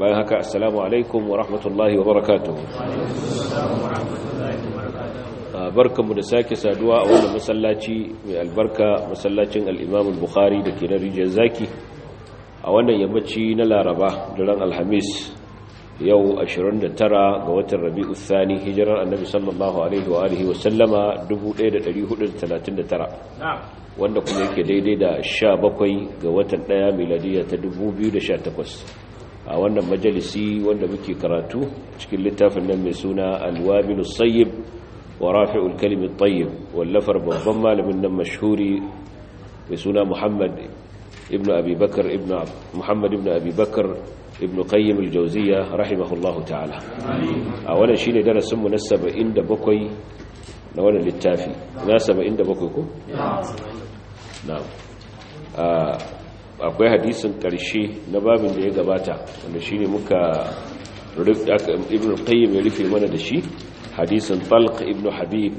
bayan haka assalamu alaikum wa rahmatullahi wa barakatuh ah, barkanmu da sake saduwa a wannan masallaci mai albarka masallacin al'imamun bukhari da ke na rijiyar zaki a wannan yammaci na laraba daren alhamis yau 29 ga watan rabi'u thani hijirar annabi sallallahu alaihi wa alihi wa sallama 1439 wanda kuma yake daidai da 17 ga watan 1 miladiya ta 2018 a wannan majalisi wanda muke karatu cikin littafin nan mai suna alwabilu sayyib wa rafi'ul kalimi tayyib wallafar babban malamin nan mashhuri mai suna muhammad ibn abubakar ibn muhammad ibn abubakar ibn qayyim al-jawziyya rahimahullahu ta'ala a wannan shine darasin mu na 77 na wannan littafi na 77 ko na'am akwai hadisin ƙarshe na babin da ya gabata wanda shine muka ibn qayyim ya rufe mana da shi hadisin talq ibn habib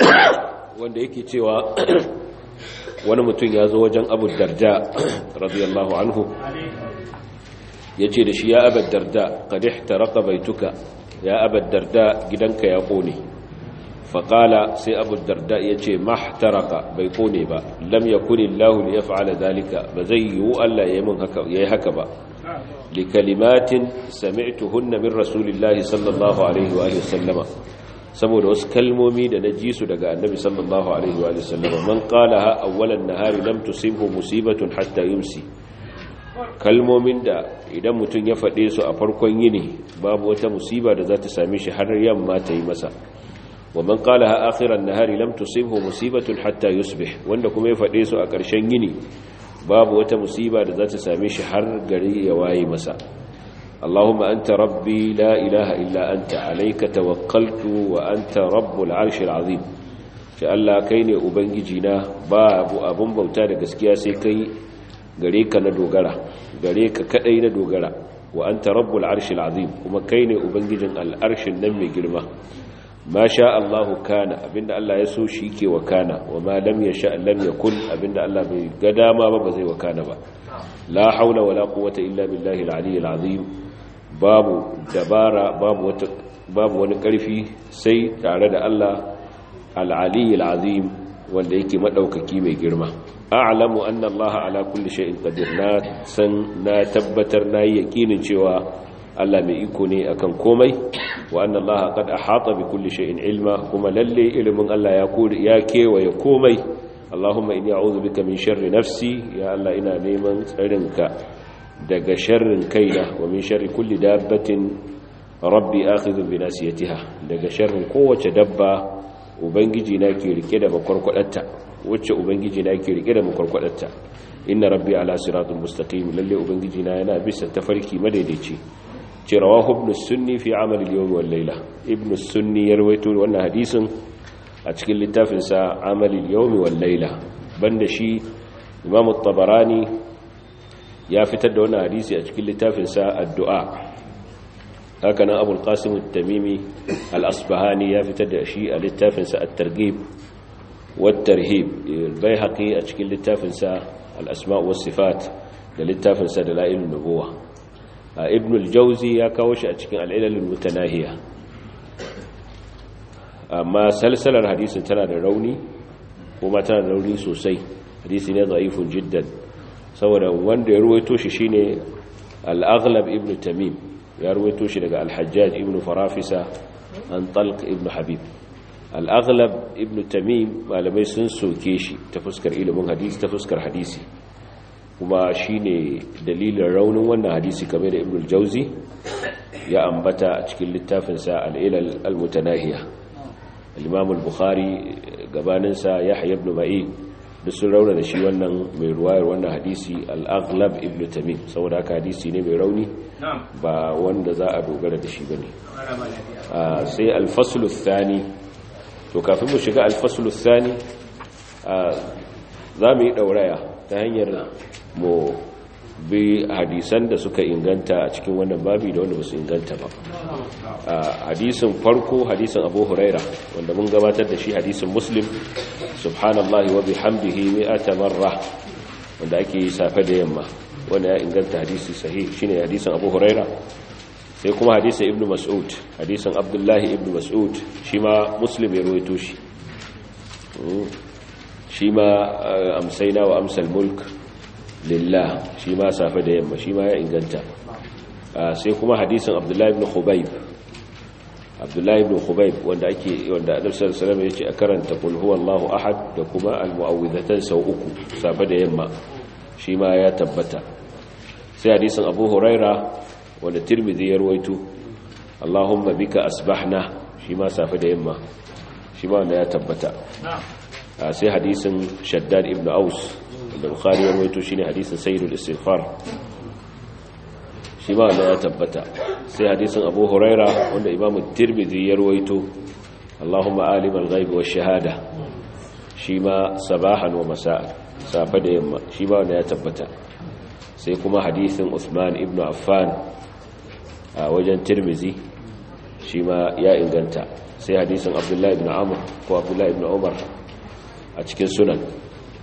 wanda yake cewa wani mutum ya zo wajen abu darda radiyallahu anhu ya ce da shi ya abu darda kadih taraka baituka ya abu darda gidanka ya ƙone faƙala sai abu darda ya ce mahtaraka bai kone ba lam ya kuni lahu ya fa'ala dalika ba zai yiwu Allah ya yi haka ba li kalimatin sami'tuhunna min rasulillahi sallallahu alaihi wa sallama saboda wasu kalmomi da na ji su daga annabi sallallahu alaihi wa sallama man qalaha awwalan nahari lam tusibhu musibatun hatta yumsi kalmomin da idan mutum ya faɗe su a farkon yini babu wata musiba da za ta same shi har yamma ta yi masa wa man qalaha akhiran nahari lam tusibhu musibatun hatta yusbih wanda kuma ya fade su a karshen yini babu wata musiba da zata same shi har gari ya waye masa allahu anta rabbi la ilaha illa anta ta tawakkaltu wa anta rabbul arshil azim shi Allah kai ne ubangiji na babu abun bauta da gaskiya sai kai gareka ka na dogara gare kadai na dogara wa anta rabbul arshil azim kuma kai ne ubangijin al'arshin nan mai girma ma sha Allahu kana abinda Allah ya so shi ke wakana wa ma lam yasha lam yakun abinda Allah bai ga dama ba ba zai wakana ba la haula wala quwwata illa billahi al-aliyyil azim babu dabara babu wata babu wani karfi sai tare da Allah al-aliyyil azim wanda yake madaukaki mai girma a'lamu anna Allah ala kulli shay'in qadir na san na tabbatar na yi yakinin cewa Allah mai iko ne akan komai wa anna Allah a ahata bi kulli shay'in ilma kuma lalle ilimin Allah ya kewaye komai Allahumma inni a'udhu bika min sharri nafsi ya Allah ina neman tsarinka daga sharrin kaina wa min sharri kulli dabbatin rabbi akhidhu bi nasiyatiha daga sharrin kowace dabba ubangiji na ke rike da makwarkwadatta wacce ubangiji na ke rike da makwarkwadatta inna rabbi ala siratul mustaqim lalle ubangiji na yana bisa tafarki madaidaici ce rawahu ibn sunni fi amal al-yawm ibn sunni ya rawaito wannan hadisin a cikin littafin sa amal al-yawm banda shi imam tabarani ya fitar da wannan hadisi a cikin littafin sa addu'a haka nan abul qasim at-tamimi al-asbahani ya fitar da shi a littafin sa at cikin والترهيب البيهقي أشكل sifat da والصفات للتافنسة دلائل النبوة ibn al-jawzi ya kawo shi a cikin al mutanahiya amma salsalar hadisin tana da rauni kuma tana da rauni sosai hadisi ne da'ifun jiddan saboda wanda ya ruwaito shi shine al-aghlab ibn tamim ya ruwaito shi daga al-hajjaj ibn farafisa an talq ibn habib al-aghlab ibn tamim malamai sun soke shi ta fuskar ilimin hadisi ta fuskar hadisi kuma shi ne dalilin raunin wannan hadisi kamar da ibn jauzi ya ambata a cikin littafinsa al'ilal al-mutanahiya al-imam al-bukhari gabaninsa yahya ibn ma'in da sun rauna da shi wannan mai ruwayar wannan hadisi al ibn tamim saboda haka hadisi ne mai rauni ba wanda za a dogara da shi ba ne ah, sai al to kafin mu shiga al-fasl ah, za mu yi dauraya ta hanyar mu bi hadisan da suka inganta a cikin wannan babi da wanda ba su inganta ba hadisin farko hadisin abu huraira wanda mun gabatar da shi hadisin muslim subhanallah wa bihamdihi mi'ata marra wanda ake yi safe da yamma wanda ya inganta hadisi sahih shine hadisin abu huraira sai kuma hadisin ibnu mas'ud hadisin abdullahi ibnu mas'ud shi ma muslim ya rawaito shi hmm. shi ma eh, amsaina wa amsal mulk lillah shi ma safe da yamma shi ma ya inganta ah, sai kuma hadisin abdullahi ibn khubayb abdullahi ibn khubayb wanda ake wanda annabi sallallahu alaihi a karanta qul huwallahu ahad da kuma almu'awwidhatan sau uku safe da yamma shi ma ya tabbata sai hadisin abu huraira wanda tirmidhi ya ruwaito allahumma bika asbahna shi ma safe da yamma shi ma wanda ya tabbata ah, sai hadisin shaddad ibn aus da bukhari ya rawaito shine hadisin sayyidul istighfar shi ba ya tabbata sai hadisin abu huraira wanda imamu tirmidhi ya rawaito allahumma alimal ghaibi wash shahada shi ma sabahan wa masa'a safa da yamma shi ba ya tabbata sai kuma hadisin usman ibnu affan a wajen tirmidhi shi ma ya inganta sai hadisin abdullahi ibn amr ko abdullahi ibn umar a cikin sunan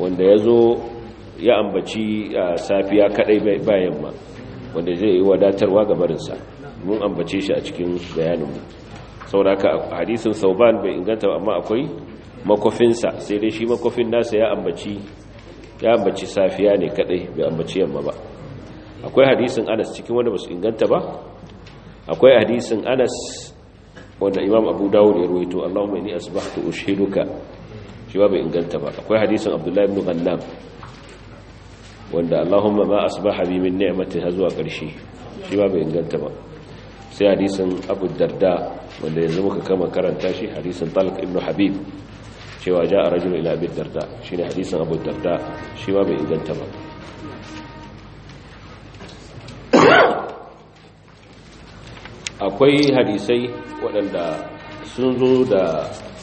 wanda ya zo ya ambaci safiya kadai bayan ma wanda zai yi wadatarwa ga barinsa mun ambace shi a cikin bayaninmu sauraka hadisin sauban bai inganta amma akwai makofinsa sai dai shi makofin nasa ya ambaci ya ambaci safiya ne kadai bai ambaci yamma ba akwai hadisin anas cikin wanda basu inganta ba akwai hadisin anas wanda imam abu dawud ya ruwaito allahumma inni asbahtu ushiduka shi bai inganta ba akwai hadisin abdullahi ibn ghannam wanda allahumma ma asbaha bi min ni'matin zuwa karshe shi ba bai inganta ba sai hadisin abu darda wanda yanzu muka kama karanta shi hadisin talq ibn habib cewa ja a rajul ila abin darda shine ne hadisun abu darda shi ma bai inganta ba akwai hadisai waɗanda sun zo da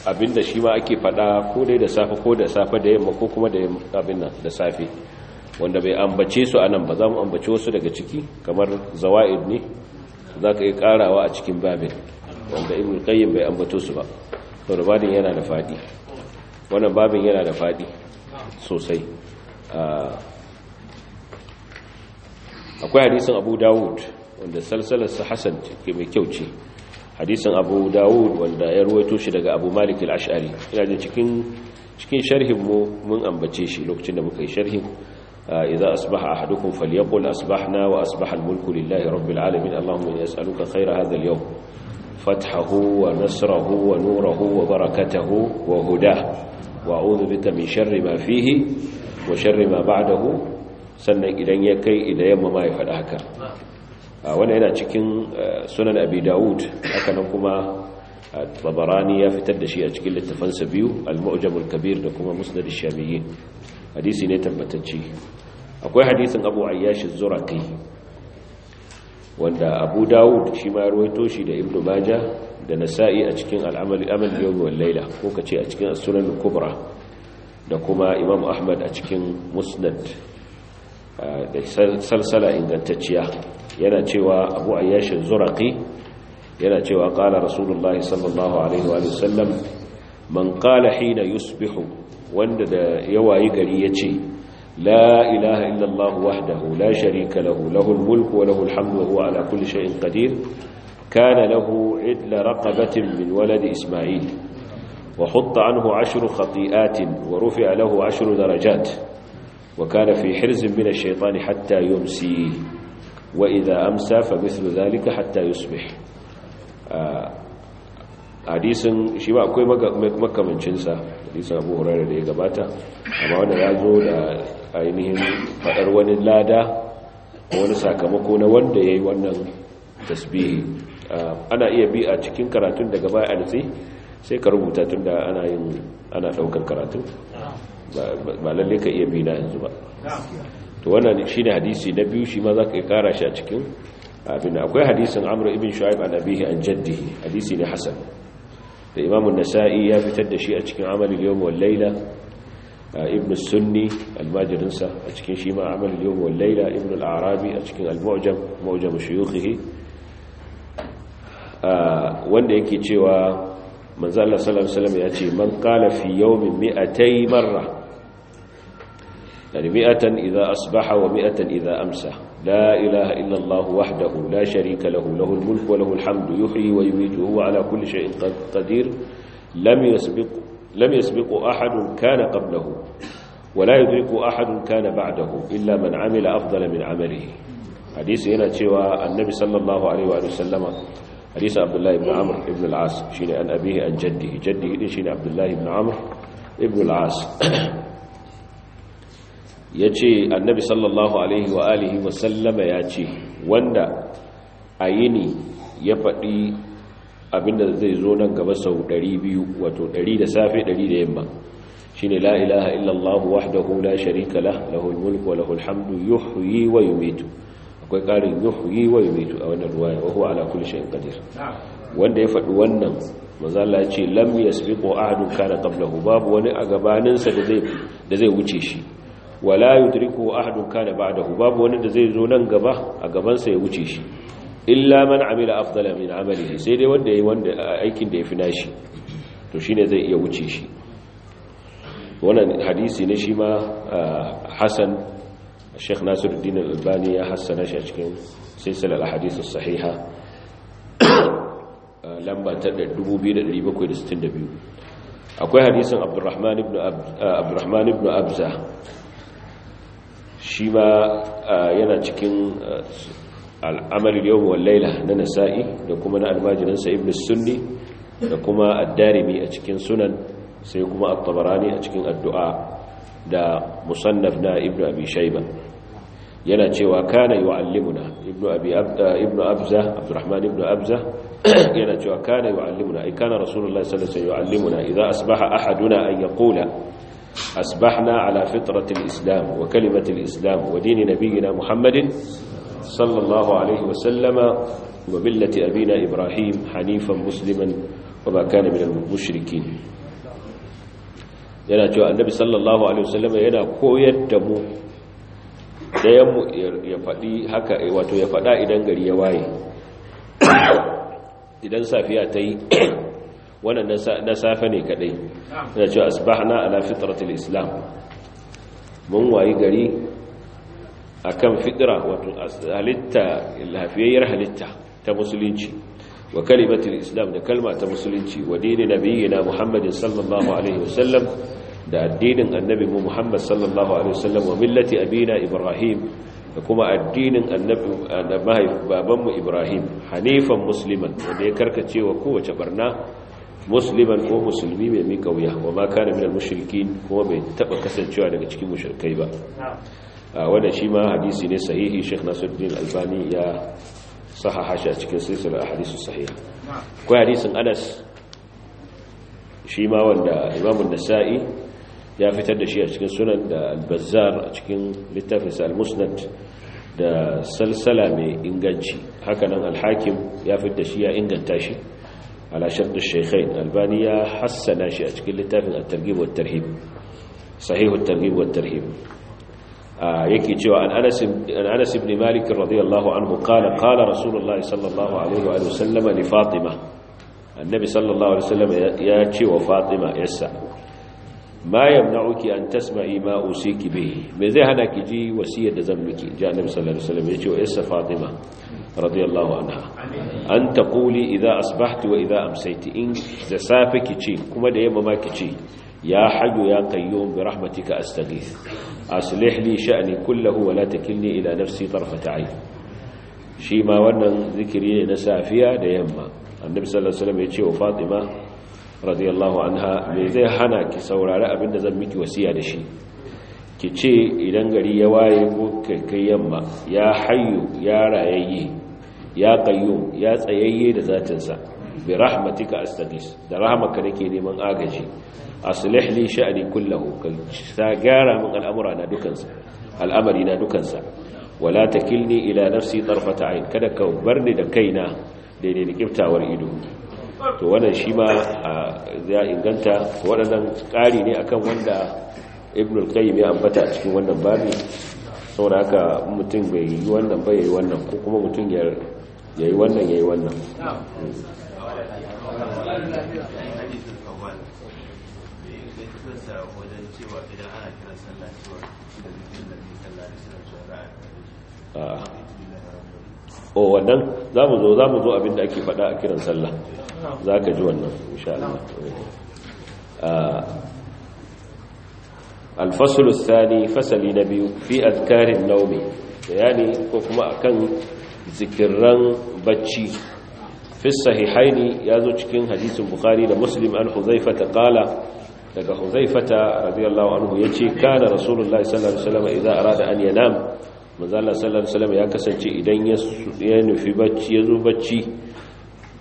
abinda shi ma ake faɗa ko dai da safe ko da safe da yamma ko kuma da abin da safe wanda bai ambace su anan ba za mu ambace wasu daga ciki kamar zawa'id ne za ka yi karawa a cikin babin wanda ibn qayyim bai ambato su ba to babin yana da fadi wannan babin yana da fadi sosai akwai hadisin abu dawud wanda salsalar sa hasan ke mai kyau ce hadisin abu dawud wanda ya ruwaito shi daga abu malik al-ash'ari ina jin cikin cikin sharhin mu mun ambace shi lokacin da muka yi sharhin ah, idza asbaha ahadukum falyaqul asbahna wa asbaha al-mulku lillahi rabbil alamin allahumma inni as'aluka khayra hadha al-yawm fathahu wa nasrahu wa nurahu wa barakatahu wa hudah wa a'udhu bika min sharri ma fihi wa sharri ma ba'dahu sannan idan ya kai idan yamma ma ya faɗa haka Ah, wannan yana cikin eh, sunan abi haka hakanan kuma ah, tabarani ya fitar da shi a cikin littafansa biyu al-mu'jamul kabir da kuma musnad ash-shamiyyi hadisi ne tabbatacce akwai hadisin abu ayyash az-zuraqi wanda abu da'ud shi ma ruwaito shi da ibnu baja da nasa'i a cikin al-amali amal yawm wal layla ko kace a cikin as-sunan al-kubra da kuma imam ahmad a cikin musnad ah, da salsala ingantacciya yana cewa abu Ayyash zuraqi yana cewa qala rasulullahi sallallahu alaihi wa sallam man qala hina yusbihu wanda da yawayi gari yace la ilaha illallah wahdahu la sharika lahu lahul mulku wa lahul hamdu wa huwa ala kulli shay'in qadir kana lahu idla raqabatin min waladi isma'il وحط عنه عشر خطيئات ورفع له عشر درجات وكان في حرز من الشيطان حتى يمسيه wa idza amsa fa mithlu zalika hatta yusbih hadisin shi ba akwai makamancin sa hadisin Abu Hurairah da ya gabata amma wanda ya zo da ainihin fadar wani lada ko wani sakamako na wanda yayi wannan tasbihi ana iya bi a cikin karatun daga baya alzi sai ka rubuta tun da ana yin ana daukar karatu ba lalle ka iya bi na yanzu ba to wannan shi ne hadisi na biyu shi ma zaka yi kara shi a cikin abin akwai hadisin amr ibn shu'aib an abihi an jaddihi hadisi ne hasan da imam an-nasa'i ya fitar da shi a cikin amal al-yawm wal layla ibn sunni al-majrin sa a cikin shi ma amal al-yawm wal layla ibn al-arabi a cikin al-mu'jam mu'jam shuyukhihi wanda yake cewa manzo Allah sallallahu alaihi wasallam ya ce man qala fi yawmin mi'atay marra يعني مئة إذا أصبح ومئة إذا أمسى لا إله إلا الله وحده لا شريك له له الملك وله الحمد يحيي ويميت وهو على كل شيء قدير لم يسبق لم يسبق أحد كان قبله ولا يدرك أحد كان بعده إلا من عمل أفضل من عمله حديث هنا تشوى النبي صلى الله عليه وآله وسلم حديث عبد الله بن عمرو بن العاص شين عن أبيه عن جده جده شين عبد الله بن عمرو بن العاص ya ce annabi sallallahu alaihi wa alihi wasallama ya ce wanda a yini ya faɗi abinda zai zo nan gaba sau 200 wato 100 da safe 100 da yamma shine la ilaha illallah wahdahu la sharika lah lahul mulku wa lahul hamdu yuhyi wa yumitu akwai ƙarin yuhyi wa yumitu a wannan ruwaya wa huwa ala kulli shay'in qadir wanda ya faɗi wannan manzo Allah ya ce lam yasbiqu ahadun kana qablahu babu wani a gabaninsa da zai da zai wuce shi wala yudriku ahadun kana ba'dahu babu wani da zai zo nan gaba a gaban sa ya wuce shi illa man amila afdala min amalihi sai dai wanda yayi wanda aikin da yafi nashi to shine zai iya wuce shi wannan hadisi ne shi ma hasan Sheikh Nasiruddin Al-Albani ya hassana shi a cikin silsilar ahadith as-sahiha lamba ta 2762 akwai hadisin Abdurrahman ibn Abza shi ma yana cikin al'amalin yau wallaila na nasa'i da kuma na almajiransa ibn sunni da kuma addarimi a cikin sunan sai kuma attabarani a cikin addu'a da musannaf na ibn abi shayba yana cewa kana yu'allimuna ibn abi ibn abza abdurrahman ibn abza yana cewa kana yu'allimuna ai kana rasulullahi sallallahu alaihi wasallam yu'allimuna idza asbaha ahaduna an yaqula asbahna ala fitratil islam wa kalimatil islam wa dini nabiyina muhammadin sallallahu alaihi wa sallama wa abina ibrahim hanifan musliman wa ma kana minal mushrikin yana cewa annabi sallallahu alaihi wasallam yana koyar da mu dayan ya fadi haka wato ya fada idan gari ya waye idan safiya ta yi wannan na safe ne kadai yana cewa asbahna ala fitratil islam mun wayi gari akan fitra wato halitta lafiyayyar halitta ta musulunci wa kalimatul islam da kalma ta musulunci wa dini nabiyina muhammadin sallallahu alaihi wasallam da addinin annabi mu muhammad sallallahu alaihi wasallam wa millati abina ibrahim da kuma addinin annabi babanmu ibrahim hanifan musliman wanda ya karkace wa kowace barna musliman ko musulmi mai mika wuya wa ma kana minal mushrikin kuma bai taba kasancewa daga cikin mushrikai ba wanda shi ma hadisi ne sahihi Sheikh Nasiruddin Albani ya sahaha shi a cikin silsilar hadisi sahiha akwai hadisin Anas shi ma wanda Imam nasai ya fitar da shi a cikin sunan da Al-Bazzar a cikin littafinsa Al-Musnad da salsala mai inganci hakanan Al-Hakim ya fitar da shi ya inganta shi ala shartu shaykhain albani ya hassana shi a cikin littafin at-targhib wat tarhib sahih at-targhib yake cewa an an anas ibn malik radiyallahu anhu qala qala rasulullahi sallallahu alaihi wa sallam li fatima annabi sallallahu alaihi wasallam ya ce wa fatima yassa ma yamna'uki an tasma'i ma usiki me zai hana ki ji wasiyar da zan miki ji sallallahu alaihi ya ce wa fatima radiyallahu anha an taquli idza asbahti wa idza amsayti in da safe kici kuma da yamma kici ya hayyu ya qayyum bi rahmatika astaghith aslih li sha'ni kullahu wa la takilni ila nafsi tarfata ayn shi ma wannan zikiri ne na safiya da yamma annabi sallallahu alaihi wasallam ya ce wa fatima radiyallahu anha me zai hana ki saurari abin da zan miki wasiya da shi ki ce idan gari ya waye ko kai yamma ya hayyu ya rayayye ya qayyum ya tsayayye da zatinsa bi rahmatika astaghis da rahmaka nake neman agaji aslih li sha'ni kullahu ka sagara min al'amura na dukansa al'amari na dukansa wala takilni ila nafsi tarfata ayn kada ka barni da kaina daidai da kiftawar ido to wannan shi ma ya inganta waɗannan ƙari ne akan wanda ibn al-qayyim ya ambata cikin wannan babi saboda haka mutum bai yi wannan bai yi wannan ko kuma mutum ya yayi wannan yayi wannan ah. o oh, wannan za mu zo za mu zo abinda ake fada a kiran sallah za ka ji wannan insha Allah ah. alfasul fasali na biyu fi azkarin naumi ne ko kuma akan zikirran bacci fi sahihaini ya zo cikin hadisin bukhari da muslim an huzaifata qala daga huzaifata radiyallahu anhu yace kada rasulullahi sallallahu alaihi wasallam idan arada an yanam manzo Allah sallallahu alaihi wasallam ya kasance idan ya nufi bacci ya zo bacci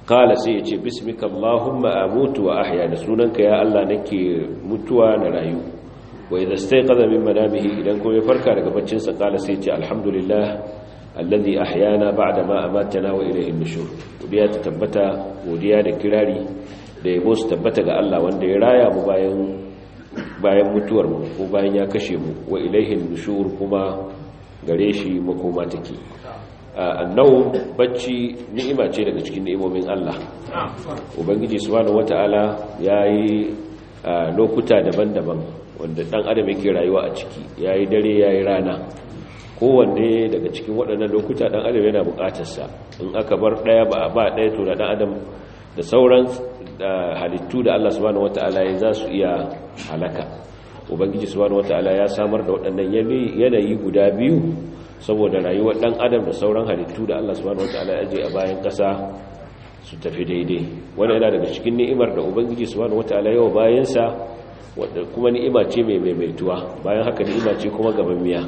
kala sai ya ce bismika allahumma amutu wa ahya da sunanka ya Allah nake mutuwa na rayu wa idza stayqadha min manamihi idan ko ya farka daga baccin sa kala sai ya ce alhamdulillah alladhi ahyana ba'da ma amatana wa ilayhi an-nushur godiya ta tabbata godiya da kirari da yabo su tabbata ga Allah wanda ya raya mu bayan bayan mutuwar mu ko bayan ya kashe mu wa ilayhi an-nushur kuma gare shi makoma take annahu bacci ni'ima ce daga cikin ni'imomin Allah ubangiji subhanahu wata'ala yayi lokuta daban-daban wanda dan adam yake rayuwa a ciki yayi dare yayi rana kowanne daga cikin waɗannan lokuta ɗan adam yana buƙatarsa in aka bar ɗaya ba a ba ɗaya to ɗan adam da sauran halittu da Allah subhanahu wata'ala ya za su iya halaka ubangiji subhanahu wata'ala ya samar da waɗannan yanayi guda biyu saboda rayuwar ɗan adam da sauran halittu da Allah subhanahu wata'ala ya je a bayan ƙasa su tafi daidai wani yana daga cikin ni'imar da ubangiji subhanahu wata'ala yau bayansa wadda kuma ni'ima ce mai maimaituwa bayan haka ni'ima ce kuma gaban miya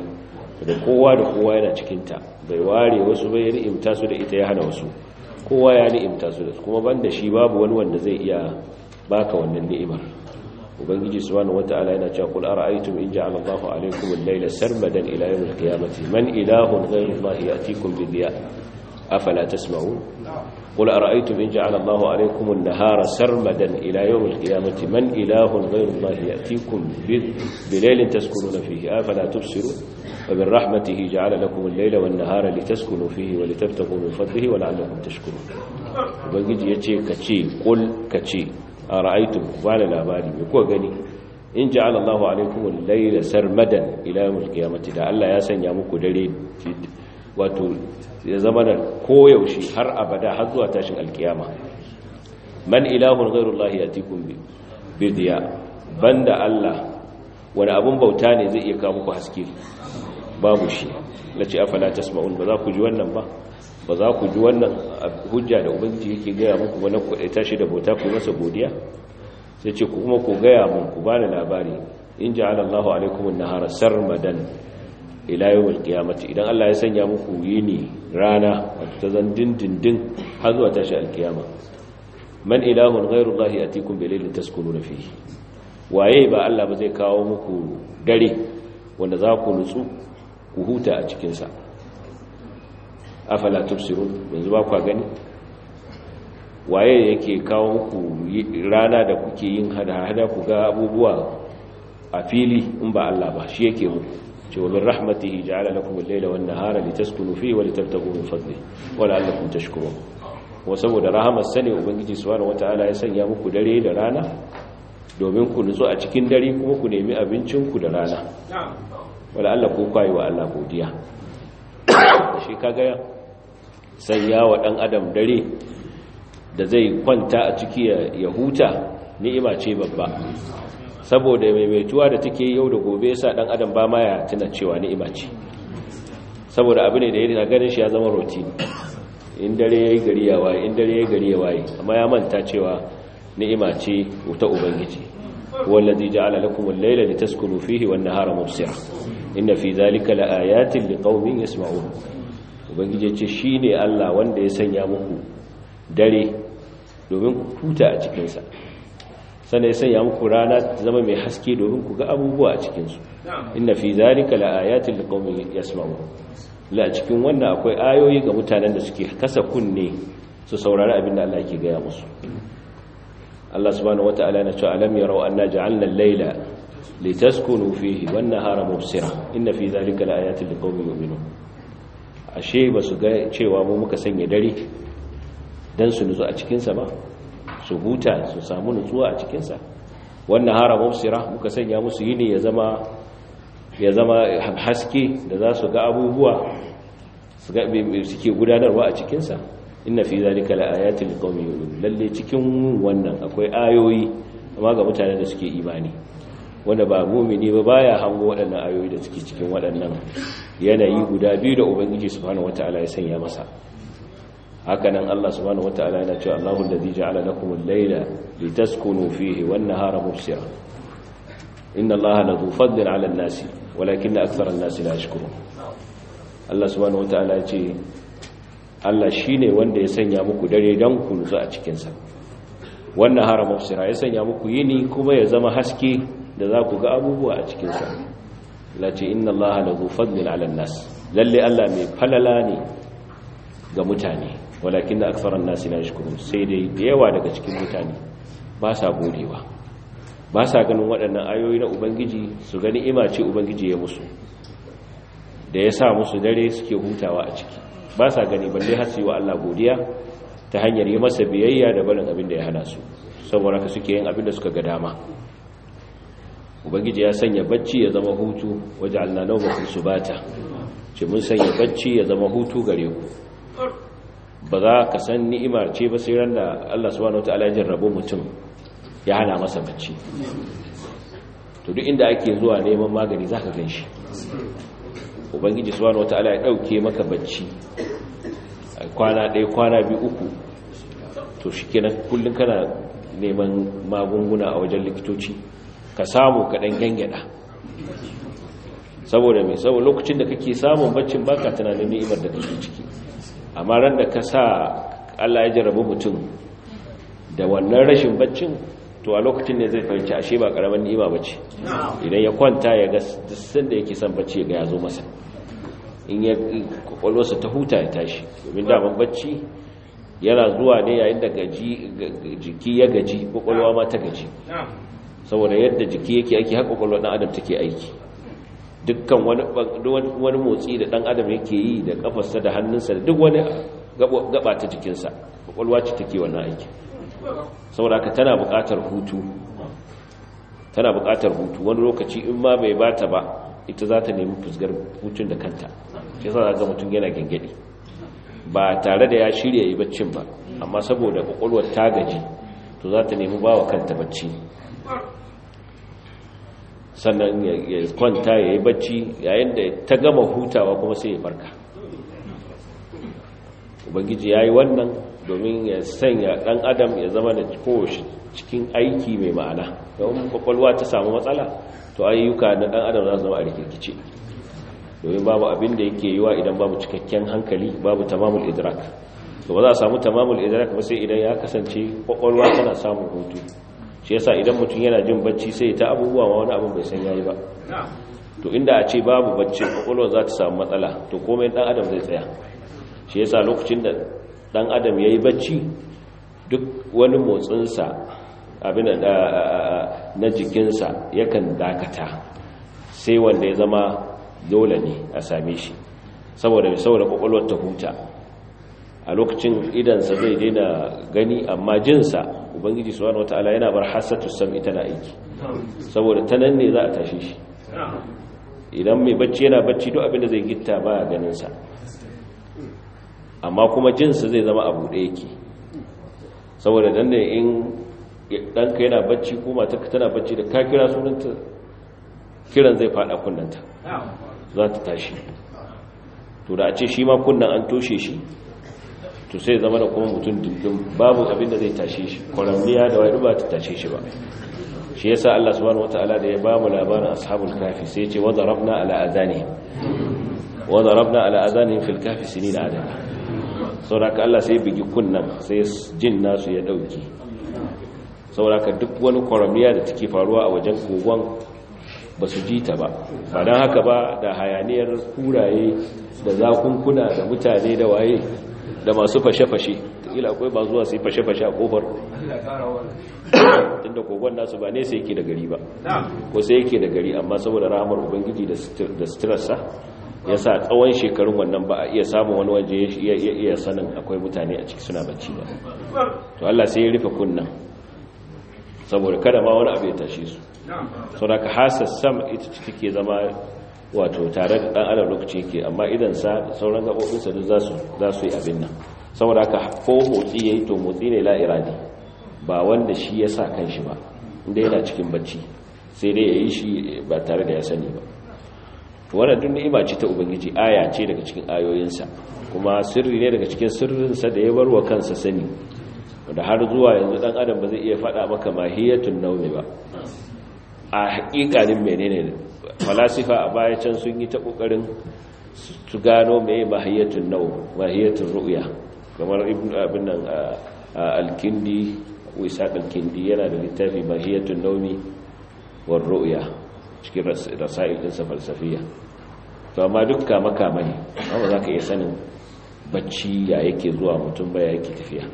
da kowa da kowa yana cikinta bai ware wasu bai ni'imta su da ita ya hana wasu kowa ya ni'imta su da su kuma banda shi babu wani wanda zai iya baka wannan ni'imar ubangiji subhanahu wata'ala yana cewa kul ara'aytum in ja'ala Allahu alaykum al-layla sarmadan ila yawm al-qiyamati man ilahun ghayru Allahi yatiikum bi diya afala tasma'un قل أرأيتم إن جعل الله عليكم النهار سرمدا إلى يوم القيامة من إله غير الله يأتيكم بليل تسكنون فيه أفلا تبصرون فمن رحمته جعل لكم الليل والنهار لتسكنوا فيه ولتبتغوا من فضله ولعلكم تشكرون ubangiji yace kace qul kace ara'aytum wala labari me ko gani in ja'ala Allahu alaykum al-layla sarmadan ila yawm al Allah ya sanya muku dare wato ya zama da koyaushe har abada har zuwa tashin alkiyama man ilahun ghairu Allah tikun bidiya banda Allah wani abun bauta ne zai iya kawo muku haske babu shi na ce afala tasma'un ba za ku ji wannan ba ba za ku ji wannan hujja da ubangiji yake gaya muku ba na kuɗe tashi da bauta ku masa godiya sai ce kuma ku gaya mun ku bani labari in ala Allahu alaikum an-nahara sarmadan ilayu yawmil kiyamati idan Allah ya sanya muku yini rana ta zan dindindin har zuwa tashi alkiyama man ilahun lahi a tikun belilin taskuru na fiye waye ba Allah ba zai kawo muku dare wanda za ku nutsu ku huta a cikinsa afala tufsirun yanzu ba kwa gani waye yake kawo ku rana da kuke yin hada-hada ku ga abubuwa a fili in ba Allah ba shi yake mu ce wa min rahmatihi ja'ala lakum al-layla wan-nahara litaskunu fihi wa litabtaghu min fadli wa la'allakum tashkurun wa saboda rahamar sani ubangiji subhanahu wataala ya sanya muku dare da rana domin ku nutsu a cikin dare kuma ku nemi abincin ku da rana wala Allah ko kai wa Allah godiya shi ka kaga ya wa dan adam dare da zai kwanta a ciki ya huta ni'ima ce babba saboda maimaituwa da take yau da gobe sa dan adam ba ma ya tuna cewa ni'ima ce saboda abu ne da yake ganin shi ya zama routine in dare yayi gari ya waye in dare yayi gari ya waye amma ya manta cewa ni'ima ce ta ubangiji wallazi ja'ala lakum al-layla litaskunu fihi wan-nahara mubsira inna fi zalika laayatin liqaumin yasma'un ubangiji ce shine Allah wanda ya sanya muku dare domin ku huta a cikin sa sannan ya sanya muku rana ta zama mai haske domin ku ga abubuwa a cikin su inna fi zalika laayatin liqaumin yasma'un la cikin wannan akwai ayoyi ga mutanen da suke kasa kunne su saurari abin da Allah yake gaya musu Allah subhanahu wata'ala na cewa alam yarau anna ja'alna al-laila litaskunu fihi wan nahara mubsira inna fi zalika laayatin liqaumin yu'minun ashe basu ga cewa mu muka sanya dare dan su nutsu a cikin sa ba su huta su samu nutsuwa a cikin sa wan nahara mubsira muka sanya musu yini ya zama ya zama haske da za su ga abubuwa su ga suke gudanarwa a cikin sa inna fi zalika laayatin liqaumin yu'minun lalle cikin wannan akwai ayoyi amma ga mutanen da suke imani wanda ba mumini ba baya hango waɗannan ayoyi da suke cikin waɗannan yanayi guda biyu da ubangiji subhanahu wataala ya sanya masa hakanan Allah subhanahu wataala yana cewa Allahu allazi ja'ala lakum al-layla litaskunu fihi wan-nahara mubsira inna Allaha ladhu fadlin 'ala an-nasi walakin akthara an-nasi la yashkurun Allah subhanahu wataala ya ce Allah shine wanda ya sanya muku dare dan ku nutsu a cikin sa wannan hara mubsira ya sanya muku yini kuma ya zama haske da za ku ga abubuwa a cikinsa lati inna allaha lahu fadlun ala nas lalle allah mai falala ne ga mutane walakin da aksaran nasi na shukurun sai dai da yawa daga cikin mutane ba sa godewa ba sa ganin waɗannan ayoyi na ubangiji su gani ima ce ubangiji ya musu da ya sa musu dare suke hutawa a ciki ba sa gani balle har su yi wa allah godiya ta hanyar yi masa biyayya da barin abin da ya hana su saboda ka suke yin abin da suka ga dama ubangiji ya sanya bacci ya zama hutu waje allanau ba su bata ce mun sanya bacci ya zama hutu gare ku ba za ka san ni'imar ce ba sai ran da Allah subhanahu wataala ya jarrabo mutum ya hana masa bacci to duk inda ake zuwa neman magani za zaka ganshi ubangiji subhanahu wataala ya dauke maka bacci a kwana ɗaya kwana biyu uku to shi kenan kullun kana neman magunguna a wajen likitoci ka samu kaɗan dan gangada saboda mai saboda lokacin da kake samun baccin baka tunanin ni'imar da kake ciki amma ran da ka sa Allah ya jarrabu mutum da wannan rashin baccin to a lokacin ne zai fahimci ashe ba karamin ni'ima ba ce idan ya kwanta ya ga sanda yake son bacci ga ya zo masa in ya kwakwalwarsa ta huta ya tashi domin daman bacci yana zuwa ne yayin da jiki ya gaji kwakwalwa ma ta gaji saboda yadda jiki yake aiki haka kwakwalwa ɗan adam take aiki dukkan wani motsi da ɗan adam yake yi da ƙafarsa da hannunsa da duk wani gaba ta jikinsa kwakwalwa ce take wannan aiki saboda haka tana buƙatar hutu tana buƙatar hutu wani lokaci in ma bai bata ba ita za ta nemi fusgar hutun da kanta shi za ga mutum yana gengedi ba tare da ya shirya yi baccin ba amma saboda kwakwalwar ta gaji to za ta nemi ba wa kanta bacci sannan ya kwanta ya yi bacci yayin da ta gama hutawa kuma sai ya farka ubangiji ya yi wannan domin ya sanya ɗan adam ya zama da kowace cikin aiki mai ma'ana don kwakwalwa ta samu matsala to ayyuka na ɗan adam za su zama a rikirkice domin babu abin da yake yiwa idan babu cikakken hankali babu tamamul idrak to ba za a samu tamamul idrak ba sai idan ya kasance kwakwalwa tana samun hutu shi yasa idan mutum yana jin bacci sai ta abubuwa ma wani abin bai san yayi ba to inda a ce babu bacci kwakwalwa za ta samu matsala to komai dan adam zai tsaya shi yasa lokacin da dan adam yayi bacci duk wani motsinsa abin na jikinsa yakan dakata sai wanda ya zama dole ne a same shi saboda saboda kwakwalwar ta huta a lokacin idansa zai daina gani amma jinsa ubangiji subhanahu wataala yana bar hasatu sam'i tana aiki saboda ta nan ne za a tashi shi idan mai bacci yana bacci duk abinda zai gitta ba ganin sa amma kuma jinsa zai zama abu da yake saboda dan ne in ɗanka yana bacci ko matarka tana bacci da ka kira sunanta kiran zai faɗa kunnanta za ta tashi to da a ce shi ma kunnan an toshe shi to sai zama da kuma mutum dindin babu abin da zai tashe shi kwaramniya da wani ba ta tashe shi ba shi yasa Allah subhanahu wataala da ya ba mu labarin ashabul kafi sai ya ce wa zarabna ala azanihim wa zarabna fil kafi sinina adana sauraka Allah sai bigi kunnan sai jin nasu ya dauki sauraka duk wani kwaramiya da take faruwa a wajen kogon ba su ji ta ba ba don haka ba da hayaniyar kuraye da zakunkuna da mutane da waye da masu fashe-fashe kila akwai ba zuwa su yi fashe-fashe a kofar da kogon nasu ba ne sai yake da gari ba ko sai yake da gari amma saboda rahamar ubangiji da suturarsa ya sa tsawon shekarun wannan ba a iya samun wani waje ya iya sanin akwai mutane a ciki suna bacci ba to Allah sai ya rufe kunnan saboda kada ma wani abu ya tashe su da ka hasas sam ita ke zama wato tare da dan adam lokaci yake amma idan sa sauran gabobin sa duk za su za su yi abin nan saboda haka ko motsi yayi to motsi ne la iradi ba wanda shi ya sa kanshi ba inda yana cikin bacci sai dai yayi shi ba tare da ya sani ba wannan duk ni'ima ce ta ubangiji aya ce daga cikin ayoyinsa kuma sirri ne daga cikin sa da ya bar wa kansa sani da har zuwa yanzu dan adam ba zai iya faɗa maka mahiyatun naumi ba a haƙiƙanin menene falasifa a baya can sun yi ta kokarin su gano mai mahiyatun nau mahiyatun ru'ya kamar ibn abin nan alkindi wisaq alkindi yana da littafi mahiyatun nauni wa ru'ya cikin rasail din falsafiya to amma dukka kama ne amma ka iya sanin bacci ya yake zuwa mutum ba ya yake tafiya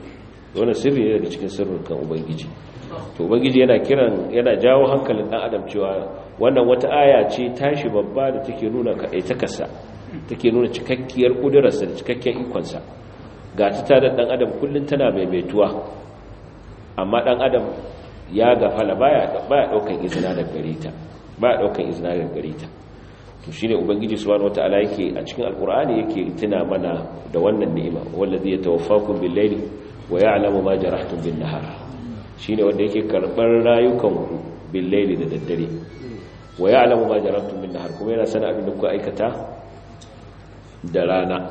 wannan sirri ne daga cikin kan ubangiji to ubangiji yana kiran yana jawo hankalin dan adam cewa wannan wata aya ce tashi babba da take nuna kaɗaitakarsa take nuna cikakkiyar ƙudurarsa da cikakken ikonsa ga ta tare dan adam kullun tana maimaituwa amma dan adam ya gafala baya baya daukan izina da gareta baya daukan izina da to shine ubangiji subhanahu wataala yake a cikin alqur'ani yake tuna mana da wannan ni'ima wallazi yatawaffakum bil-laili wa ya'lamu ma jarahtum bin-nahar shi ne wanda yake karɓar rayukanku bil da daddare wa alamu ba jaramtun min nahar kuma yana sana abin da kuka aikata da rana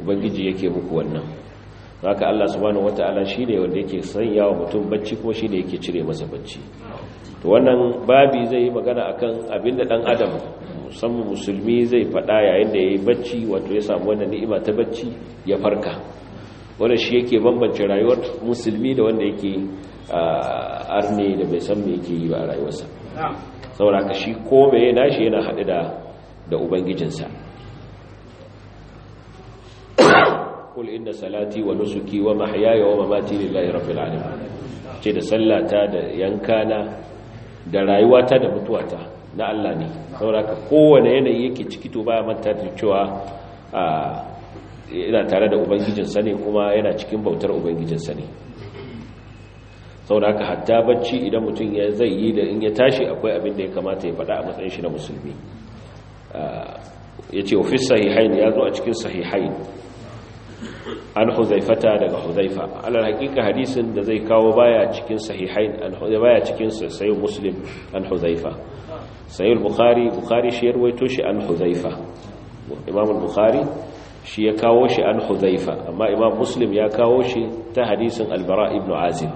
ubangiji yake muku wannan haka Allah subhanahu shi ne wanda yake sanya wa mutum bacci kuma ne yake cire masa bacci to wannan babi zai yi magana a kan abin da dan adam musamman musulmi zai fada yayin da ya yi bacci wato ya samu wannan ni'ima ta bacci ya farka wanda shi yake bambance rayuwar musulmi da wanda yake arni da bai san me yake yi ba a rayuwarsa saboda ka shi ko ya nashi yana haɗu da ubangijinsa kul inda salati wa nusuki wa mahyaya wa mamati lillahi rabbil alamin ce da sallata da yankana da rayuwata da mutuwata na Allah ne saboda ka kowane yanayi yake ciki to baya manta da cewa yana tare da ubangijinsa ne kuma yana cikin bautar ubangijinsa ne saboda haka hatta bacci idan mutum ya zai yi da in ya tashi akwai abin da ya kamata ya faɗa a matsayin shi na musulmi ya ce ofis sahihain ya zo a cikin sahihain an huzaifata daga huzaifa alal hakika hadisin da zai kawo baya cikin sahihain an baya cikin sayyid muslim an huzaifa sayyid bukhari bukhari shi ya shi an huzaifa imam bukhari shi ya kawo shi an huzaifa amma imam muslim ya kawo shi ta hadisin albara ibn azib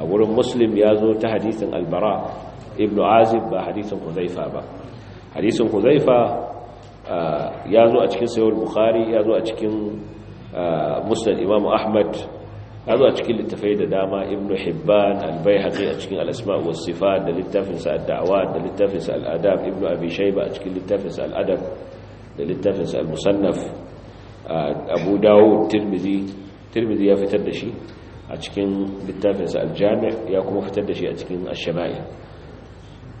a wurin muslim ya zo ta hadisin albara ibn azib ba hadisin huzaifa ba hadisin huzaifa ah, ya zo a cikin sayar bukari ya zo a cikin ah, musnad imamu ahmad ya zo a cikin littafai da dama ibn hibban albai haƙi a cikin al'asma wa sifa da littafinsa al'adawa da littafinsa al'adab ibn abishai ba a cikin littafinsa al'adab da littafinsa al-musannaf ah, abu dawo tirmidhi tirmidhi ya fitar da shi a cikin littafinsa aljami' ya kuma fitar da shi a cikin ashama'il